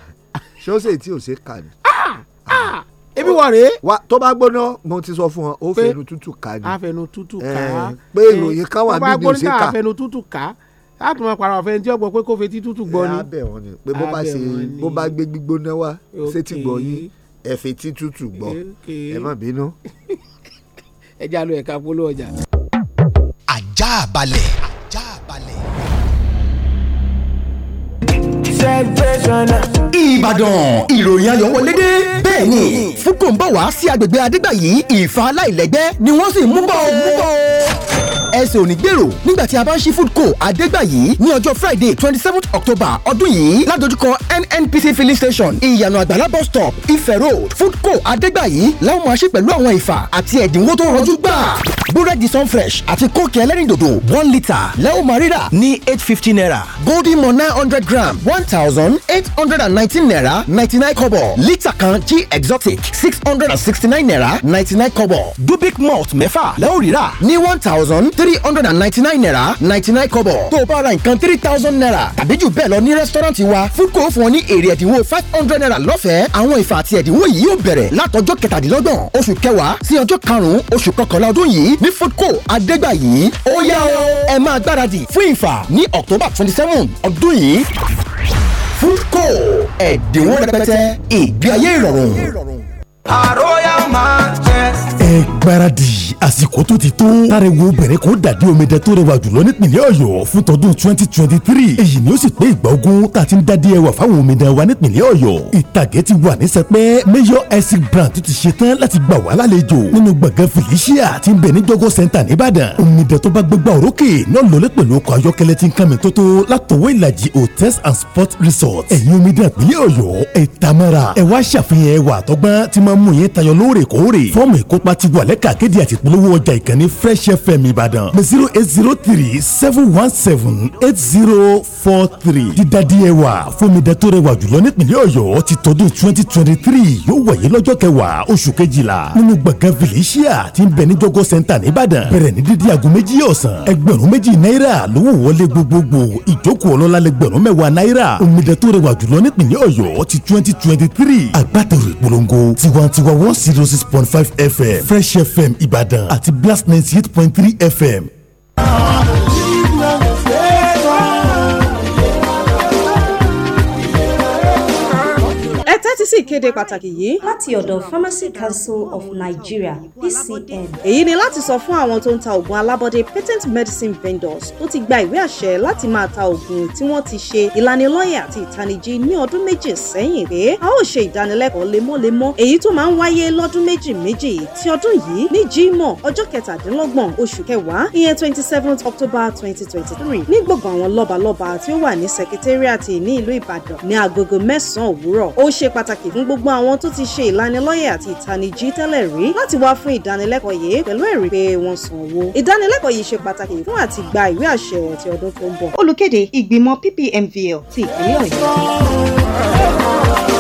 Speaker 18: ṣé ó ṣe tí ò ṣe kà ni.
Speaker 11: Ah! Ah! ebi wà rèé. wa
Speaker 18: tó bá
Speaker 19: gbóná mo ti sọ fún ọ ó fẹnu tútù ká ni. àfẹnu tutu ká. pé ìròyìn kan wà nídìí òsè ká. àfẹnu
Speaker 18: tútù ká a tún máa pàrọ̀ àfẹnjẹ́ ọgbọ́n pé kó fetí tutu gbọ́ ni. abẹ wọn ni pé bó bá ṣe
Speaker 19: bó bá gbé gbígbóná wá sétí gbọ́ yín ẹ fetí tútù gbọ́ ẹ má bínú.
Speaker 18: ẹ já lo ẹ̀ka polówó ọjà. ajá balẹ̀.
Speaker 8: ìbàdàn ìròyìn ayọ̀ wọlé dé bẹ́ẹ̀ ni fúnkọ̀ ń bọ̀ wá sí agbègbè adégbàyí ìfà aláìlẹ́gbẹ́ ni wọ́n sì mú bọ̀ ọ́ ẹsẹ̀ òní gbèrò nígbà tí a bá ń ṣí food co àdégbàyí ní ọjọ́ friday twenty seventh october ọdún yìí ládojúkọ nnpc filling station ìyànà àgbàlá bus stop ife road food co àdégbàyí láwọn máa ṣe pẹ̀lú àwọn ìfà àti ẹ̀dínwó tó rọjú gbà búrẹ́dì sunfresh àti kóòkì ẹlẹ́rìndòdò one litre lẹ́wọ̀n máa rírà eight fifty naira golden mo hundred gram one thousand eight hundred and nineteen naira ninety-nine kobo lítà kan g exotic six hundred and sixty-nine naira ninety-nine kobo Dubik malt mẹ́fà lẹ́wọ̀n rírà ní one thousand three hundred and ninety-nine naira ninety-nine kobo tó o bá ra nǹkan three thousand naira tàbí jù bẹ́ẹ̀ lọ ní rẹ́sítọ́rántì wa foodco fún ọ ní èrè ẹ̀dínwó five hundred naira lọ́fẹ̀ẹ́ àwọn ìfà àti ẹ̀dínwó yìí yóò bẹ̀rẹ̀ látọjọ́ kẹtàdínlọ́gbọ̀n oṣù kẹwàá sí ọjọ́ karùn-ún oṣù kọkànlá ọdún yìí ní foodco adégbàyí ó yá o ẹ máa gbáradì fún ìfà ní october twenty seven ọdún yìí foodco ẹ̀dínwó rẹpẹtẹ ìgbé ayé ìrọ̀rùn. àròyá máa jẹ ẹ gbáradì àsìkò tó ti tó tariwo bẹ̀rẹ̀ kó dàdí omidan tó rẹwà jùlọ nípìnlẹ̀ ọ̀yọ́ fún tọdún twenty twenty three èyí ni ó sì pé ìgbà ogún tá a ti ń dádí ẹwà fáwọn omidan wa nípìnlẹ̀ ọ̀yọ́ ìtàgé ti wà ní sẹpẹ́ mayor essex brand tó ti ṣe tán láti gbà wá lálejò nínú gbọ̀ngàn felicia ti ń bẹ ní jọgọ́ center níbàdàn omidan tó bá gbégbá òrókè náà lọlé pẹ̀lú ọkọ̀ and sports resort ẹ̀yin omidan ìpínlẹ̀ ọ̀yọ́ ẹ̀ tamara ẹ̀ wá ṣàfihàn ẹwà àtọ́gbọ́n ti máa mú yín tayọ lóòrèkóòrè fọ́ọ̀mù ti wà lẹ́ka akéde àti ìpolówó ọjà ìkànnì fresh fm ìbàdàn ní zero eight zero three seven one seven eight zero four three dídádì ẹwà fúnmidà tó rẹwà jùlọ nípìnlẹ̀ ọ̀yọ́ ti tọdún twenty twenty three yóò wáyé lọ́jọ́ kẹwàá oṣù kejìlá nínú gbọ̀ngàn felicia ti ń bẹ ní jọgọ center nìbàdàn bẹ̀rẹ̀ ní dídí aago méjì ọ̀sán ẹgbẹ̀rún méjì náírà lówó wọlé gbogbogbò ìjókòó ọlọ́lá lẹgbẹ̀rún mẹ́wàá náírà omidan tó rẹwà jùlọ nípìnlẹ̀ ọ̀yọ́ ti twenty twenty three agbátẹrù ìpolongo tiwantiwa one zero six point five fm fresh fm Ibadan àti blast ninety eight point three fm.
Speaker 7: tún sí pàtàkì yìí. láti ọ̀dọ̀ Pharmacy Council of Nigeria PCN. èyí ni láti sọ fún àwọn tó ń ta oògùn alábọ́dé patent medicine vendors tó ti gba ìwé àṣẹ láti máa ta oògùn tí wọ́n ti ṣe ìlanilọ́yẹ̀ àti ìtanijí ní ọdún méjì sẹ́yìn pé a ó ṣe ìdánilẹ́kọ̀ọ́ lemọ́lemọ́ èyí tó máa ń wáyé lọ́dún méjì méjì ti ọdún yìí ní Jímọ̀ ọjọ́ kẹtàdínlọ́gbọ̀n oṣù kẹwàá ìyẹn twenty seventh October twenty twenty three ní gbọ̀ngàn àwọn lọ́balọ́ba tí ó wà ní secretariat ní ìlú Ìbàdàn ní agogo mẹ́sàn-án òwúrọ̀ ó ṣe pàtàkì pàtàkì fún gbogbo àwọn tó ti ṣe ìlanilọ́yẹ̀ àti ìtanijí tẹ́lẹ̀ rí láti wá fún ìdánilẹ́kọ̀ọ́ yìí pẹ̀lú ẹ̀rí pé wọ́n san owó. ìdánilẹ́kọ̀ọ́ yìí ṣe pàtàkì fún àti gba ìwé àṣẹ ti ọdún tó ń bọ̀. olùkéde ìgbìmọ̀ PPMVL ti ìpínlẹ̀
Speaker 11: Ọ̀yọ́.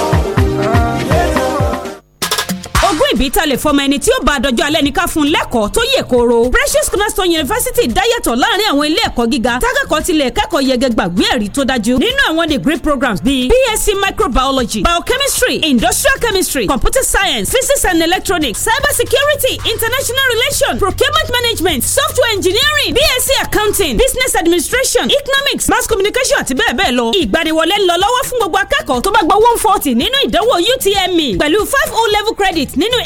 Speaker 7: níbí ta lè fọmọ ẹni tí ó bá àdọ́jọ́ alẹ́ ní ká fún lẹ́kọ̀ọ́ tó yè koro. Precious Cornerstone University dáyàtọ̀ láàrin àwọn ilé ẹ̀kọ́ gíga tákàkọ́ tilẹ̀ kẹ́kọ̀ọ́ yege gbàgbé ẹ̀rí tó dájú nínú àwọn degree programs bíi BSc microbiology biochemistry industrial chemistry computer science physics and electronics cyber security international relations procurement management software engineering BSc accounting business administration economics mass communication àti bẹ́ẹ̀ bẹ́ẹ̀ lọ. ìgbaniwọlé ń lọ lọ́wọ́ fún gbogbo akẹ́kọ̀ọ́ tó bá gba one forty nínú ìdánwò UTME pẹ̀lú five o level credit nínú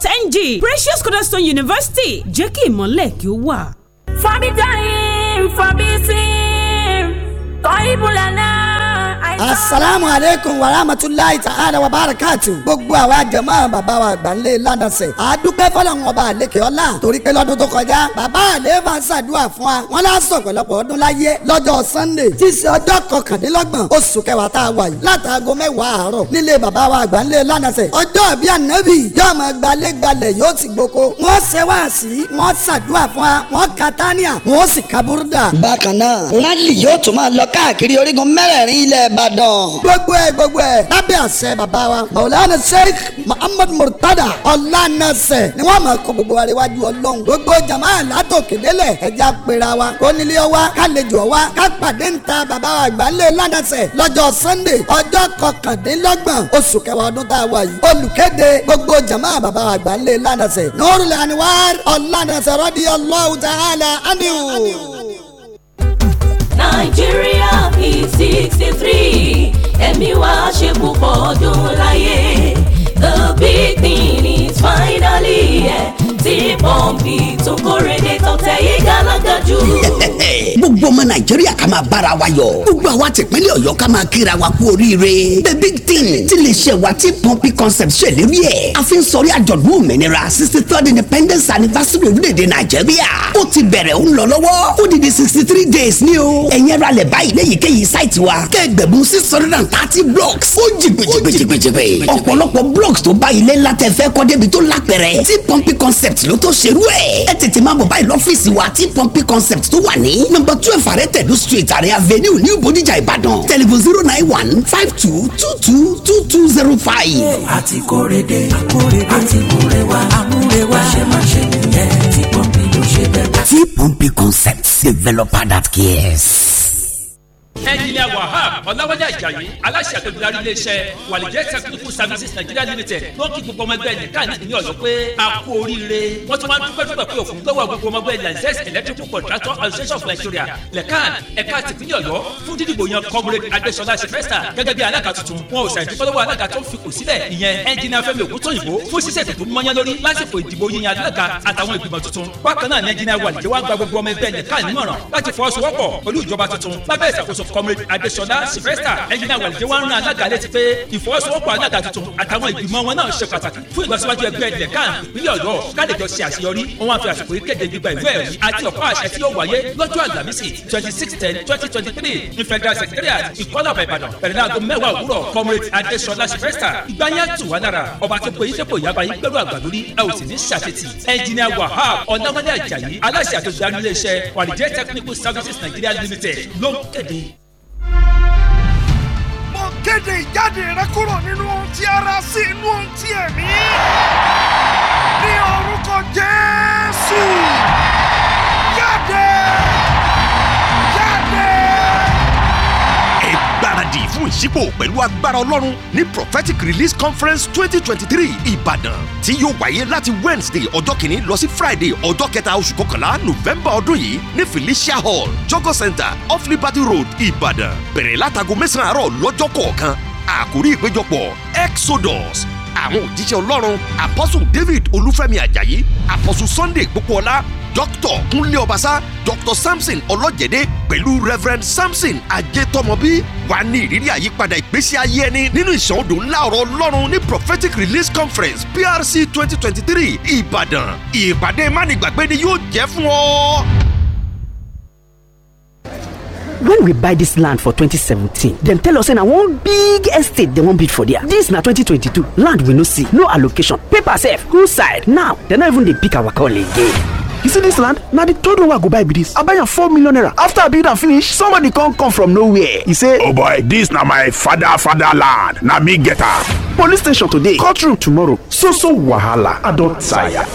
Speaker 7: ng Precious Cornerstone University jẹ́ kí ìmọ̀lẹ̀ kí ó wà. fàmìtàn yìí fàmìtì kọ́ ìbùlẹ̀ náà asalaamu
Speaker 20: aleykum wa rahmatulahi ta'ala wa barakatu. gbogbo àwa jẹ̀mọ́ bàbá wa gbàlẹ́ ládàsẹ̀. a dúpẹ́ fọlọ́run ọba àlekè ọlá torí pé lọ́dún tó kọjá bàbá àlefa ṣàdúrà fún wa wọn lá sọ pẹ̀lọpọ̀ ọdún láyé lọ́jọ́ sunday tí í ṣe ọjọ́ kọkàndínlọ́gbọ̀n oṣù kẹwàá tá a wà yìí látàgọ́ mẹ́wàá àárọ̀ nílé bàbá wa àgbáńlé lánàṣẹ ọjọ́ bí ànábì yóò máa gbalẹ̀ gbalẹ̀ yóò ti gboko wọ́n ṣe wá sí i wọ́n ṣàdúrà fún wa wọ́n ka tania wọ́n sì ka búrúdà. bákan náà rálì yóò tún máa lọ káàkiri orígun mẹ́rẹ̀ẹ̀rin ìbàdàn. gbogbo ẹ gbogbo ẹ lábẹ́ àṣẹ bàbá wa maulana sheikh muhammad murtada ọ̀lànàṣẹ ni wọ́n máa kọ gbogbo wa níwájú ọlọ́run gbogbo jama látòkè délẹ̀ ẹja pera wa onílé wa kálejò wa kápàdé ńta bàbá wa àgbálẹ̀ lánàṣẹ lọ́jọ́ sunday ọjọ́ kọkàndínlọ́gbọ̀n oṣù kẹwàá ọdún tá a wà yìí olùkéde gbogbo jama bàbá wa àgbálẹ̀ lánàṣẹ nurul anwar ọ̀lànàṣẹ radiyallahu ta'ala anhu
Speaker 12: nàìjíríà p sixty three ẹ̀mí wa ṣe púpọ̀ ọdún láyé the big thing is finally here. Yeah tí pọ́ǹpì tó kórè ní tọ̀tẹ̀ yìí gàlágà jù.
Speaker 20: gbogbo ọmọ nàìjíríà ká máa bára wa yọ̀ gbogbo àwa tìpínlẹ̀ ọ̀yọ́ ká máa kíra wa kú oríire the big thing ti lè ṣe wa tí pọ́ǹpì concept ṣe lérí ẹ̀ a fi ń sọrí àjọ̀dún òmìnira sixty third independence anniversary orílẹ̀-èdè nàìjíríà ó ti bẹ̀rẹ̀ ó ń lọ lọ́wọ́ ó di di sixty three days ní o ẹ̀yin ara lẹ̀ báyìí léyìíkéyìí sáìtì wa kẹ́gbẹ̀mú six hundred and thirty blocks ó jì gbèjìgbèjìgbèjìgbè blocks tó báyìí lẹ́ńlá tẹ fẹ́ kọ́ débi tó lápẹ̀rẹ̀ concept concept ló tó ṣerú ẹ̀. ẹ tètè máa bọ̀ báyìí lọ́fíìsì wa tí pọ́ńpì concept tó wà ní. nọmba twelve àrẹ tẹ̀lú street àrẹ avenue new Bodija Ìbàdàn tẹlifu zero nine one five two two two two two zero five.
Speaker 12: àti kórede àti múrewa àmúrewa ṣe má ṣe nìyẹn tí pọ́ńpì ló ṣe bẹ́ẹ̀. tí pọ́ńpì concept developer that cares
Speaker 21: ẹnjìnìà wahab ọ̀làwálé ajayi aláṣẹ àtòjúdarí iléeṣẹ́ wàlíjẹ́ technical services nigeria limited tó kí gbogbo ọmọ ẹgbẹ́ nìkan ní ìpínlẹ̀ ọ̀yọ́ pé a kú oríire wọ́n tún máa ń dúpẹ́ dúpẹ́ pé òfin gbọ́wọ́ gbogbo ọmọ ẹgbẹ́ lanzes electrical contractor association of nigeria lẹ́kàn ẹ̀ka tìpínlẹ̀ ọ̀yọ́ fún dídìbò yan comrade adéṣọlá sylvester gẹ́gẹ́ bí alága tuntun wọn ò ṣàìdúpọ́lọ́wọ́ alága tó ń fipò sílẹ̀ ìyẹn ẹnjìnìà fẹ́mi ògúntóyìnbó fún ṣíṣètò tó mọ́yán lórí lásìkò ìdìbò yíyan alága àtàwọn ìgbìmọ̀ tuntun bákan náà ní ẹnjìnìà wàlíjẹ́ wá gba gbogbo ọmọ ẹgbẹ́ nìkan nímọ̀ràn láti fọwọ́sowọ́pọ̀ pẹ̀lú ìjọba tuntun lábẹ́ ìṣàkóso comrade adesola sylvester ẹ̀yìn àwàlẹ̀ wa ń ran alága létí pé ìfọwọ́sowọ́pọ̀ alága tuntun àtàwọn ìgbìmọ̀ wọn náà ṣe pàtàkì fún ìlọsíwájú ẹgbẹ́ ilẹ̀ kan ìpínlẹ̀ ọ̀yọ́ kálẹ̀jọ ṣe àṣeyọrí wọn fi àsìkò yìí kéde gbígba ìwé ẹ̀rí àti ọ̀pá àṣẹ tí yóò wáyé lọ́jọ́ àgbàmísì twenty six ten twenty twenty three ní federal secretariat ìkọ́lá ọ̀bà ìbàdàn bẹ̀rẹ̀ láago mẹ́wàá òwúrọ̀ comrade adesola sylvester ìgbáyà tù wá lára ọba tó pe iṣẹ́ kò yaba yín gbẹ́rù àgbà lórí ẹ ò sì ní ṣàtẹ̀tì ẹnjìnìà wahab ọ̀nàmọ́lẹ̀ ajayi aláṣẹ àtòjúdarí iléeṣẹ́ wàlíjẹ́ technical services nigeria limited ló ń kéde kéde ìjáde rẹ kúrò
Speaker 14: nínú ohun tí ara sí inú ohun tí
Speaker 11: ẹ̀mí ní orúkọ
Speaker 14: Jésù.
Speaker 8: yìí fún ìṣípò pẹ̀lú agbára ọlọ́run ní prophetic release conference twenty twenty three ìbàdàn tí yóò wáyé láti wednesday ọjọ́ kìíní lọ sí friday ọjọ́ kẹta oṣù kọkànlá november ọdún yìí ní felicia hall jogo center off liberty road ìbàdàn bẹ̀rẹ̀ látago mẹ́sàn-án àárọ̀ lọ́jọ́ kọ̀ọ̀kan àkórí ìpéjọpọ̀ exodus àwọn òjíṣẹ́ ọlọ́run apostle david olúfẹ́mi ajayi apostle sunday gbókòọ́lá dr Kunle Obasa, dr samson ọlọ́jẹ̀dẹ́ pẹ̀lú reverend samson ajẹ́tọ́mọbí wà ní ìrírí àyípadà ìgbésí ayé ẹni nínú ìsọ̀ndò ńlá ọ̀rọ̀ ọlọ́run ní prophetic release conference prc twenty twenty three ìbàdàn ìpàdé mánigbàgbé ni yóò jẹ́ fún ọ
Speaker 7: when we buy this land for 2017 them tell us in a one big estate they wan bid for
Speaker 10: there
Speaker 8: This na 2022 land we no see no allocation paper sef who side now they not even dey pick our call again you see this land Now di third one wey i go buy be this. i buy a four million naira after i build am finish somebody come come from nowhere He say oh boy this na my father father land na me get am police station today courtroom tomorrow so so wahala i don tire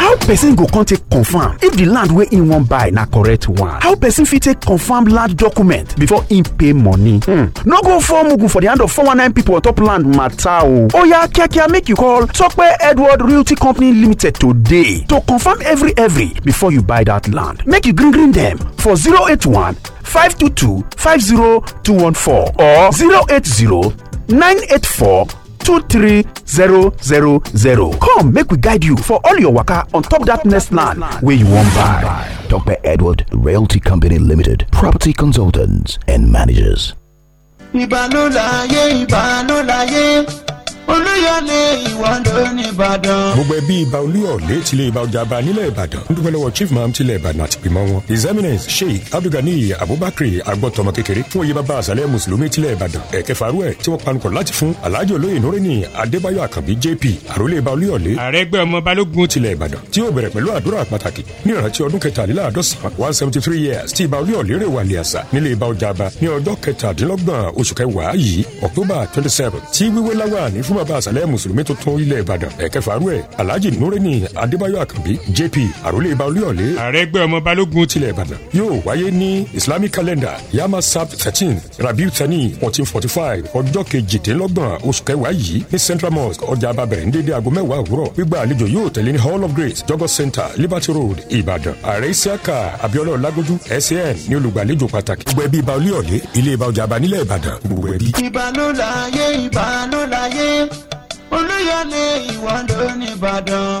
Speaker 8: how person go come take confirm if the land wey im wan buy na correct one how person fit take confirm land document before im pay money hmm. no go fall mugu for the hand of 419 people on top land matter o oya kíákíá make you call Tope Edward Realty Company Limited today to confirm every every before you buy that land make you gree gree dem for 081 522 50214 or 080 984 23000. Come make we guide you for all your waka on top
Speaker 5: that next land where you won't buy. Dr. Edward Realty Company Limited, property consultants and managers.
Speaker 22: olúyọ ni ìwọ́ndó ní ìbàdàn. gbogbo ẹbí ibà olúyọ lé tilé ibà ọjà bá nílẹ̀ ìbàdàn ń dúpẹ́ lọ́wọ́ chief maham tilẹ̀ ìbàdàn àti ìgbìmọ̀ wọn his eminence sheikh abdulgani abubakar agbọ́tọmọ kékeré fún oyè bàbá àṣàlẹ̀ mùsùlùmí tilẹ̀ ìbàdàn ẹ̀kẹ́ faru ẹ̀ tí wọ́n panukọ̀ láti fún alhaji olóyè nureni adébáyọ̀ àkànbí jp àròlé ibà olúyọ lé. àrẹgbẹ́ ọmọ balógun tilẹ̀ ìbàdàn tí yóò bẹ̀rẹ̀ pẹ̀lú àdúrà pàtàkì ní ìrántí ọdún kẹtàléláàdọ́sán one seventy three years tí ibà olúyọ lérè wà ní àṣà nílé ibà ọjà bá ní ọjọ́ kẹtàdínlọ́gbọ̀n oṣù kẹwàá yìí october twenty seven tí wíwé láwà ní fúnm bàbá àṣàlẹ̀ mùsùlùmí tuntun ilẹ̀ ìbàdàn ẹ̀kẹfàárú ẹ̀ alhaji nureni adébáyọ̀ àkànbí jp àròlé baolóyọ̀lé àrẹ́gbẹ́ ọmọ balógun tilẹ̀ ìbàdàn yóò wáyé ní islamic calendar yama sab thirteen rabiu tani fourteen forty five ọjọ́ kejìdínlọ́gbọ̀n oṣù kẹwàá yìí ní central mosque ọjà ababẹ̀rẹ̀ ní dédé aago mẹ́wàá òwúrọ̀ gbígba àlejò yóò tẹ̀lé ní hall of grace jogos center liberty road ìbàdàn ààrẹ isiaka abiola ọlágójú sn ní olùgbàlejò pàtàkì gbogbo ẹbí ibà olíọ̀lé ilé ibà ọjà abanílẹ̀ ìbàdàn gbogbo ẹbí.
Speaker 2: ìbà ló láyé ìbà
Speaker 13: láyé olúyọ ní ìwà lónìí Ìbàdàn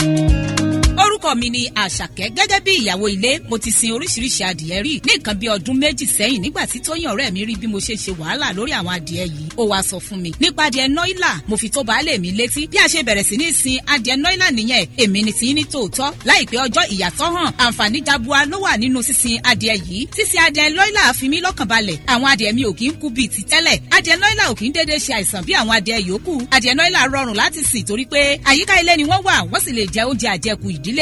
Speaker 7: orúkọ mi ni àṣàkẹ́ gẹ́gẹ́ bí ìyàwó ilé mo ti sin oríṣiríṣi adìẹ rí ní nǹkan bí ọdún méjì sẹ́yìn nígbà tí tóyìn ọ̀rẹ́ mi rí bí mo ṣe ṣe wàhálà lórí àwọn adìẹ yìí ó wàá sọ fún mi nípa adìẹ nọ́ìlà mo fi tó baálé mi létí bí a ṣe bẹ̀rẹ̀ sí ní sin adìẹ nọ́ìlà nìyẹn èmi ni ti ní tòótọ́ láìpẹ́ ọjọ́ ìyàtọ̀ hàn àǹfààní jabua ló wà nínú sísin adìẹ yìí sísin adìẹ nọ́ìlà fi mí lọ́kàn balẹ̀ àwọn adìẹ mi ò kí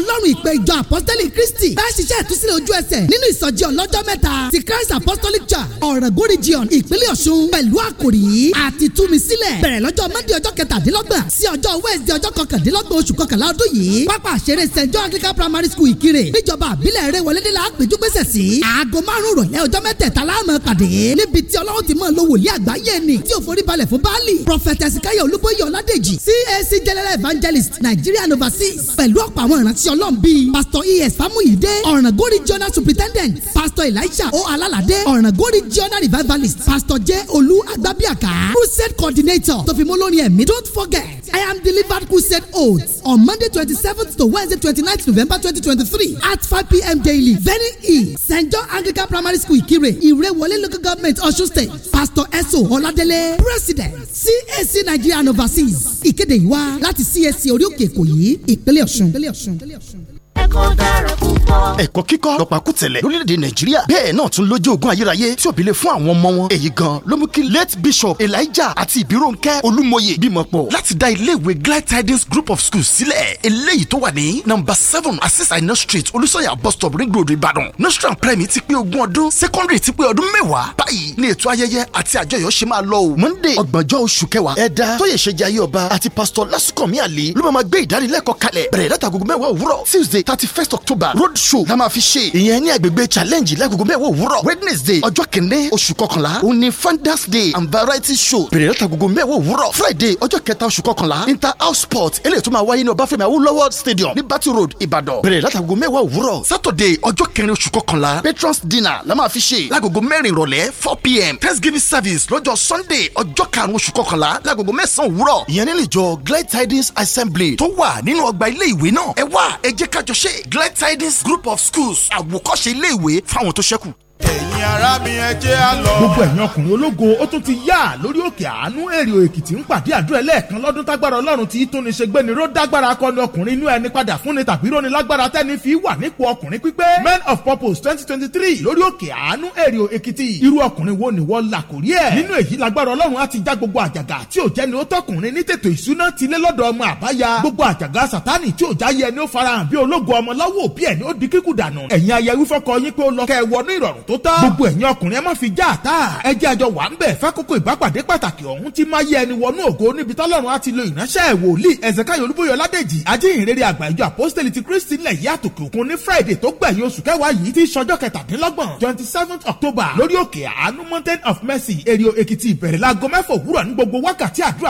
Speaker 20: ọlọ́run. ọlọ́run ìpè ìjọ apọ́sítẹ́lì kristi bá ṣiṣẹ́ ìtúsílẹ̀ ojú ẹsẹ̀ nínú ìsọjí ọlọ́jọ́ mẹ́ta ti christ apostolic church ọ̀rẹ́gùn region ìpínlẹ̀ ọ̀ṣun pẹ̀lú àkòrí àti túmi sílẹ̀ bẹ̀rẹ̀ lọ́jọ́ monday ọjọ́ kẹtàdínlọ́gbọ̀n sí ọjọ́ wednesday ọjọ́ kọkàndínlọ́gbọ̀n oṣù kọkànlá ọdún yìí pápá àṣẹrẹ st john anglican primary school ìkirè níjọba àbílẹ̀ eré wọlédè la péjú pésẹ̀ sí aago márùn-ún rọ̀lẹ́ ọjọ́ mẹ́tẹ̀ẹ̀ta láàmú pàdé níbi tí ọlọ́run ti máa lo wòlíì àgbáyé ni tí ò forí balẹ̀ fún baálì prọfẹtẹsì káyọ̀ olúbóyè ọládèjì cac general evangelist nigerian overseas pẹ̀lú ọ̀pọ̀ àwọn ìrántí ọlọ́ tán bíi pastor es famuyide ọ̀ràngó regional superintendent pastor elisha o alalade ọ̀ràngó regional revivalist pastor j olú agbábíàká crusade coordinator tòfimolórin ẹ̀mí don't forget I am delivered crusade oath on Monday 27th to Wednesday 29th November 2023 at 5 p.m. daily. Venue E, St. John Anglican Primary School, Ikire, Irewole Local Government, Osun State. Pastor Eso Oladele, President, CAC Nigeria and Overseas. Ìkéde ìwá láti CAC orí òkè Èkó yìí, ìpínlẹ̀ Ọ̀ṣun
Speaker 11: ẹ̀kọ́ dára púpọ̀.
Speaker 8: ẹ̀kọ́ kíkọ́ lọ́pàkùtẹ̀lẹ̀ lórílẹ̀‐èdè nàìjíríà bẹ́ẹ̀ náà tún lójú ogún ayérayé tí òbí lè fún àwọn ọmọ wọn èyí gan ló mú kí late bishop elijah àti ìbírónkẹ́ olúmọye bímọ pọ̀ láti dá iléèwé glad tidings group of schools sílẹ̀ eléyìí tó wà ní number seven asis aina street olùsọ̀yà bus stop ring road ìbàdàn national primary ti pé ogún ọdún secondary ti pé ọdún mẹ́wàá báyìí ni ètò ayẹyẹ àti àjọyọ̀ ṣe máa lọ o. monday ọgbọ̀njọ́ oṣù kẹwàá ẹ̀dá tóyèṣe jayé ọba àti pastor lásùkànmí àlè ló máa gbé ìdánilẹ́kọ̀ọ́ kalẹ̀ bẹ̀rẹ̀ látagogo mẹ́wàá òwúrọ̀ tuesday thirty first october road show la máa fi ṣe ìyẹn ní agbègbè challenge lágogo mẹ́wàá òwúrọ̀ wednesday ọjọ́ kìíní oṣù kọkànlá òní founders day and variety show bẹ̀rẹ̀ látagogo mẹ́wàá òwúrọ̀ friday ọjọ́ kẹta oṣù kọkànlá inter house sport eléyìí tó máa wáyé ní ọbáfẹ́mi awólọ́wọ̀ stadium ní battle road ìbàdàn bẹ̀rẹ̀ látagogo mẹ́wàá òwúrọ̀ saturday ọjọ́ kẹrin oṣù kọkànlá patrons dinner la máa fi ṣe lágogo mẹ́rin ìrọ̀lẹ́ four pm thanksgiving service lọ́jọ́ sunday ọjọ́ karùn-ún oṣù kọkànlá lágogo mẹ́sàn-án òwúrọ̀ ìyẹn nílẹ̀ ìjọ glad tidings assembly tó wà nínú ọgbà ilé ìwé náà ẹ wá ẹ jẹ́ káj àjọṣe Glad Tidings Group of Schools àwòkọ́ṣe iléèwé fáwọn tó ṣẹ́kù ẹ̀yin ará mi ẹ jẹ́ à lọ. gbogbo ẹ̀yin ọkùnrin ológo ó tún ti yá lórí òkè àánú èrè èkìtì ń pàdé àdúrà ẹlẹ́ẹ̀kan lọ́dún tágbára ọlọ́run ti tóni ṣe gbé ni ró dágbára akọni ọkùnrin inú ẹni padà fúnni tàbí róni lágbára tẹ́ni fi wà nípò ọkùnrin pípé men of purpose twenty twenty three lórí òkè àánú èrè èkìtì irú ọkùnrin wo ni wọ́n là kórí ẹ̀ nínú èyí lágbára ọlọ́run á ti tó tọ́. gbogbo ẹ̀yin ọkùnrin ẹ má fi já àtà. ẹ jẹ́ àjọ wà ń bẹ̀ fákòókò ìbápàdé pàtàkì ọ̀hún ti máa yẹ ẹni wọnú ògo níbi tọ́lọ́run á ti lo ìránṣẹ́ wòlíì ẹ̀sẹ̀káyọ̀ olúbóyọ̀ ládèjì ajínrere àgbà ìjọ àpọ́sítélì ti kristi nílẹ̀ yìí àtòkè òkun ní friday tó gbẹ̀yìn oṣù kẹwàá yìí ti ṣọjọ́ kẹtàdínlọ́gbọ̀n twenty seventh october lórí òkè àánú mountain of mercy èrìò èkìtì ìbẹ̀rẹ̀ láago mẹ́fà òwúrọ̀ ní gbogbo wákàtí àdúrà